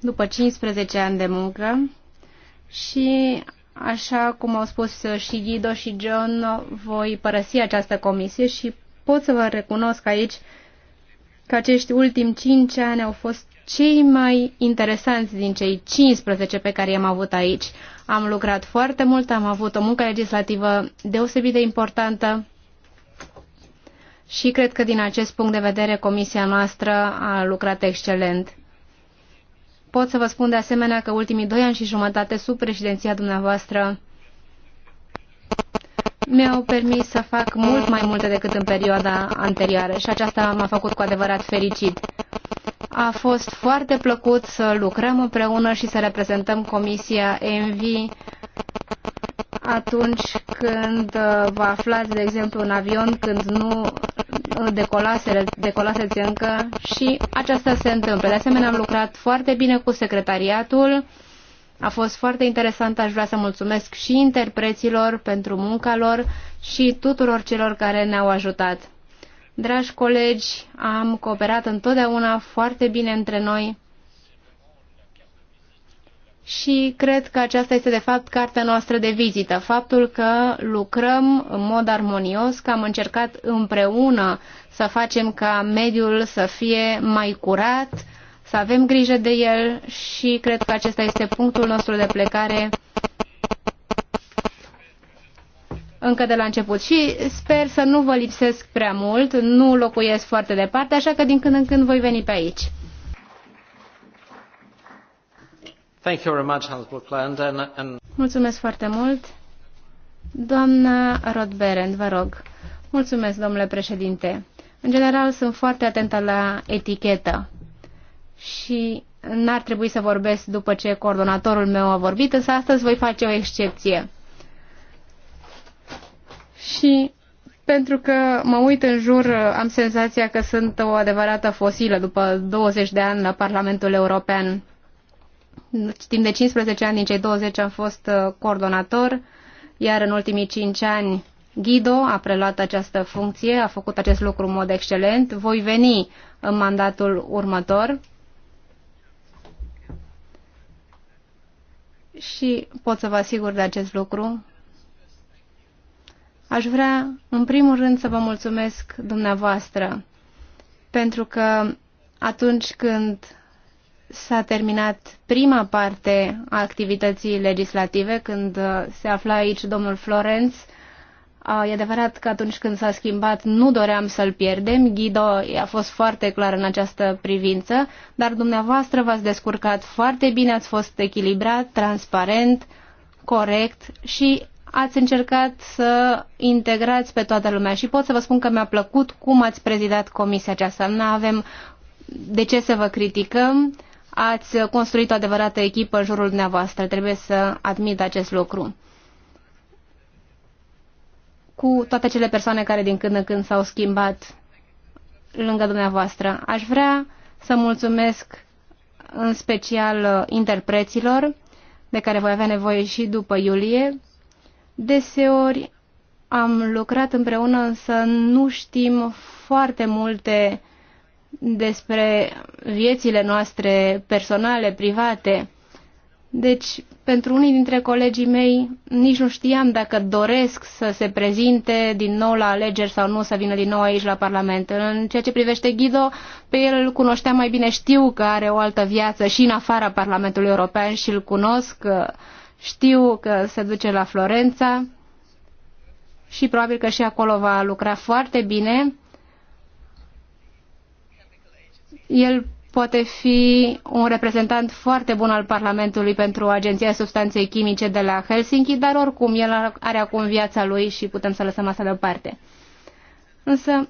după 15 ani de muncă și, așa cum au spus și Guido și John, voi părăsi această comisie și pot să vă recunosc aici că acești ultimi 5 ani au fost cei mai interesanți din cei 15 pe care i-am avut aici. Am lucrat foarte mult, am avut o muncă legislativă deosebit de importantă și cred că din acest punct de vedere comisia noastră a lucrat excelent. Pot să vă spun de asemenea că ultimii doi ani și jumătate sub președinția dumneavoastră mi-au permis să fac mult mai multe decât în perioada anterioară și aceasta m-a făcut cu adevărat fericit. A fost foarte plăcut să lucrăm împreună și să reprezentăm Comisia ENVI atunci când uh, vă aflați, de exemplu, în avion, când nu uh, decolase, decolaseți încă și aceasta se întâmplă. De asemenea, am lucrat foarte bine cu secretariatul. A fost foarte interesant, aș vrea să mulțumesc și interpreților pentru munca lor și tuturor celor care ne-au ajutat. Dragi colegi, am cooperat întotdeauna foarte bine între noi și cred că aceasta este de fapt cartea noastră de vizită, faptul că lucrăm în mod armonios, că am încercat împreună să facem ca mediul să fie mai curat, să avem grijă de el și cred că acesta este punctul nostru de plecare încă de la început și sper să nu vă lipsesc prea mult, nu locuiesc foarte departe, așa că din când în când voi veni pe aici. Thank you very much, Hans And, and... Mulțumesc foarte mult. Doamna Rodberend, vă rog. Mulțumesc, domnule președinte. În general, sunt foarte atentă la etichetă și n-ar trebui să vorbesc după ce coordonatorul meu a vorbit, însă astăzi voi face o excepție. Și pentru că mă uit în jur, am senzația că sunt o adevărată fosilă după 20 de ani la Parlamentul European. Timp de 15 ani din cei 20 am fost uh, coordonator, iar în ultimii 5 ani Guido a preluat această funcție, a făcut acest lucru în mod excelent. Voi veni în mandatul următor. Și pot să vă asigur de acest lucru. Aș vrea, în primul rând, să vă mulțumesc dumneavoastră, pentru că atunci când s-a terminat prima parte a activității legislative, când uh, se afla aici domnul Florenț. E adevărat că atunci când s-a schimbat nu doream să-l pierdem, Ghido a fost foarte clar în această privință, dar dumneavoastră v-ați descurcat foarte bine, ați fost echilibrat, transparent, corect și ați încercat să integrați pe toată lumea și pot să vă spun că mi-a plăcut cum ați prezidat comisia aceasta. Nu avem de ce să vă criticăm, ați construit o adevărată echipă în jurul dumneavoastră. Trebuie să admit acest lucru. Cu toate cele persoane care din când în când s-au schimbat lângă dumneavoastră. Aș vrea să mulțumesc în special interpreților, de care voi avea nevoie și după iulie. Deseori am lucrat împreună, însă nu știm foarte multe despre viețile noastre personale, private. Deci, pentru unii dintre colegii mei, nici nu știam dacă doresc să se prezinte din nou la alegeri sau nu, să vină din nou aici la Parlament. În ceea ce privește Ghido, pe el îl cunoșteam mai bine, știu că are o altă viață și în afara Parlamentului European și îl cunosc, știu că se duce la Florența și probabil că și acolo va lucra foarte bine El poate fi un reprezentant foarte bun al Parlamentului pentru Agenția Substanței Chimice de la Helsinki, dar oricum el are acum viața lui și putem să lăsăm asta deoparte. Însă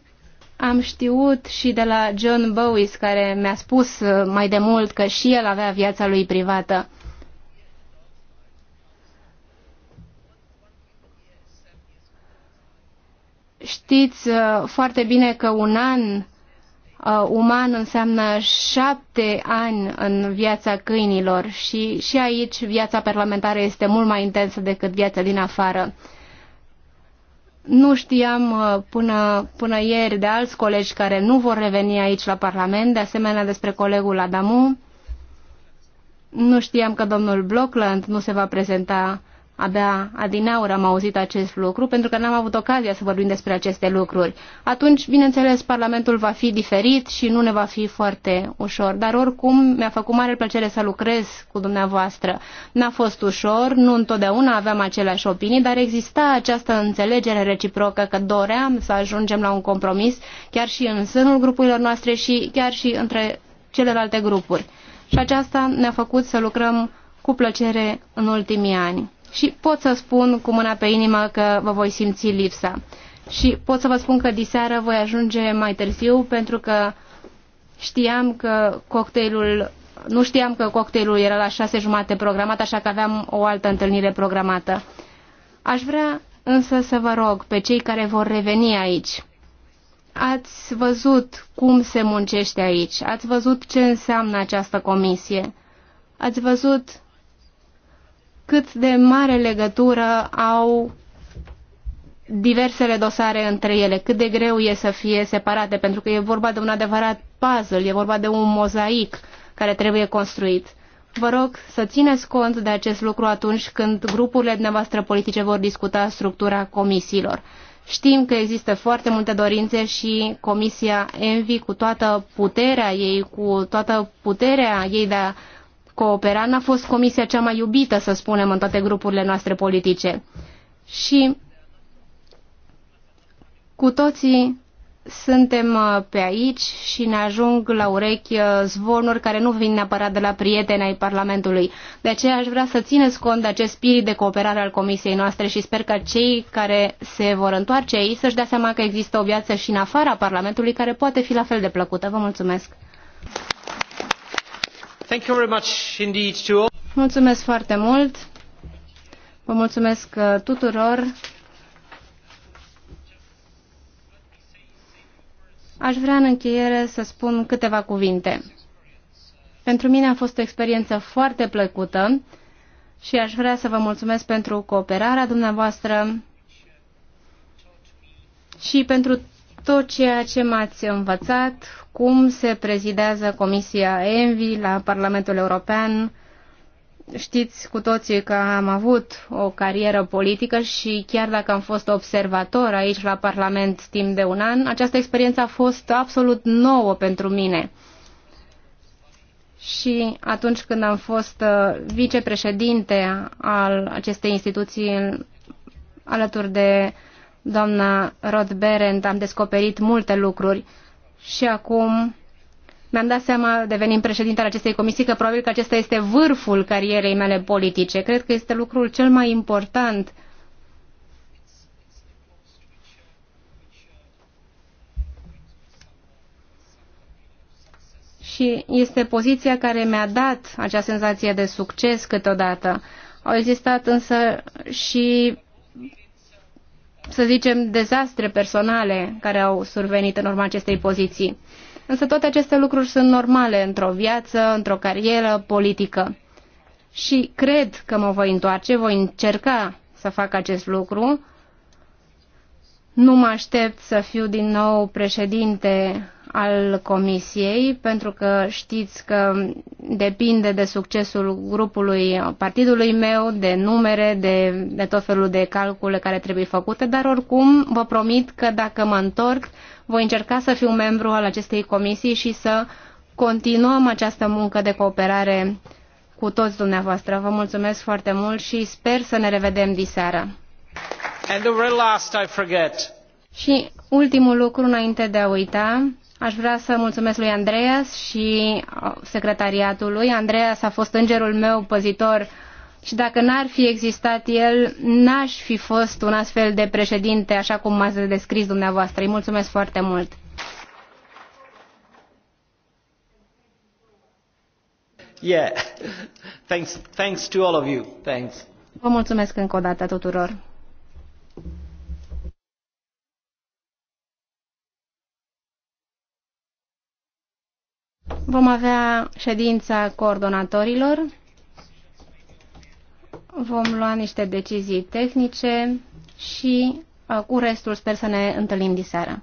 am știut și de la John Bowis, care mi-a spus uh, mai de mult că și el avea viața lui privată. Știți uh, foarte bine că un an uh, uman înseamnă șapte ani în viața câinilor și, și aici viața parlamentară este mult mai intensă decât viața din afară. Nu știam uh, până, până ieri de alți colegi care nu vor reveni aici la Parlament, de asemenea despre colegul Adamu. Nu știam că domnul Blockland nu se va prezenta Abia adinaur am auzit acest lucru, pentru că n-am avut ocazia să vorbim despre aceste lucruri. Atunci, bineînțeles, Parlamentul va fi diferit și nu ne va fi foarte ușor, dar oricum mi-a făcut mare plăcere să lucrez cu dumneavoastră. N-a fost ușor, nu întotdeauna aveam aceleași opinii, dar exista această înțelegere reciprocă că doream să ajungem la un compromis, chiar și în sânul grupurilor noastre și chiar și între celelalte grupuri. Și aceasta ne-a făcut să lucrăm cu plăcere în ultimii ani și pot să spun cu mâna pe inimă că vă voi simți lipsa. Și pot să vă spun că diseară voi ajunge mai târziu pentru că știam că cocktailul nu știam că cocktailul era la șase jumate programat, așa că aveam o altă întâlnire programată. Aș vrea însă să vă rog pe cei care vor reveni aici. Ați văzut cum se muncește aici, ați văzut ce înseamnă această comisie, ați văzut cât de mare legătură au diversele dosare între ele, cât de greu e să fie separate, pentru că e vorba de un adevărat puzzle, e vorba de un mozaic care trebuie construit. Vă rog să țineți cont de acest lucru atunci când grupurile dumneavoastră politice vor discuta structura comisiilor. Știm că există foarte multe dorințe și Comisia Envi cu toată puterea ei, cu toată puterea ei de a coopera n-a fost comisia cea mai iubită, să spunem, în toate grupurile noastre politice. Și cu toții suntem uh, pe aici și ne ajung la urechi uh, zvonuri care nu vin neapărat de la prieteni ai Parlamentului. De aceea aș vrea să țineți cont de acest spirit de cooperare al Comisiei noastre și sper că cei care se vor întoarce aici să-și dea seama că există o viață și în afara Parlamentului care poate fi la fel de plăcută. Vă mulțumesc! Mulțumesc foarte mult. Vă mulțumesc uh, tuturor. Aș vrea în încheiere să spun câteva cuvinte. Pentru mine a fost o experiență foarte plăcută și aș vrea să vă mulțumesc pentru cooperarea dumneavoastră și pentru tot ceea ce m-ați învățat, cum se prezidează Comisia ENVI la Parlamentul European. Știți cu toții că am avut o carieră politică și chiar dacă am fost observator aici la Parlament timp de un an, această experiență a fost absolut nouă pentru mine. Și atunci când am fost uh, vicepreședinte al acestei instituții alături de doamna Rod Berend, am descoperit multe lucruri și acum mi-am dat seama, devenind președinte al acestei comisii, că probabil că acesta este vârful carierei mele politice. Cred că este lucrul cel mai important și este poziția care mi-a dat acea senzație de succes câteodată. Au existat însă și să zicem, dezastre personale care au survenit în urma acestei poziții. Însă toate aceste lucruri sunt normale într-o viață, într-o carieră politică. Și cred că mă voi întoarce, voi încerca să fac acest lucru, nu mă aștept să fiu din nou președinte al comisiei, pentru că știți că depinde de succesul grupului partidului meu, de numere, de, de tot felul de calcule care trebuie făcute, dar oricum vă promit că dacă mă întorc, voi încerca să fiu membru al acestei comisii și să continuăm această muncă de cooperare cu toți dumneavoastră. Vă mulțumesc foarte mult și sper să ne revedem diseară. And the very last I forget. Și ultimul lucru înainte de a uita, Aș vrea să mulțumesc lui Andreas și uh, secretariatului. Andreas a fost îngerul meu păzitor și dacă n-ar fi existat el, n-aș fi fost un astfel de președinte, așa cum m-ați descris dumneavoastră. Îi mulțumesc foarte mult. Yeah. Thanks, thanks to all of you. Thanks. Vă mulțumesc încă o dată tuturor. Vom avea ședința coordonatorilor. Vom lua niște decizii tehnice și uh, cu restul sper să ne întâlnim diseară.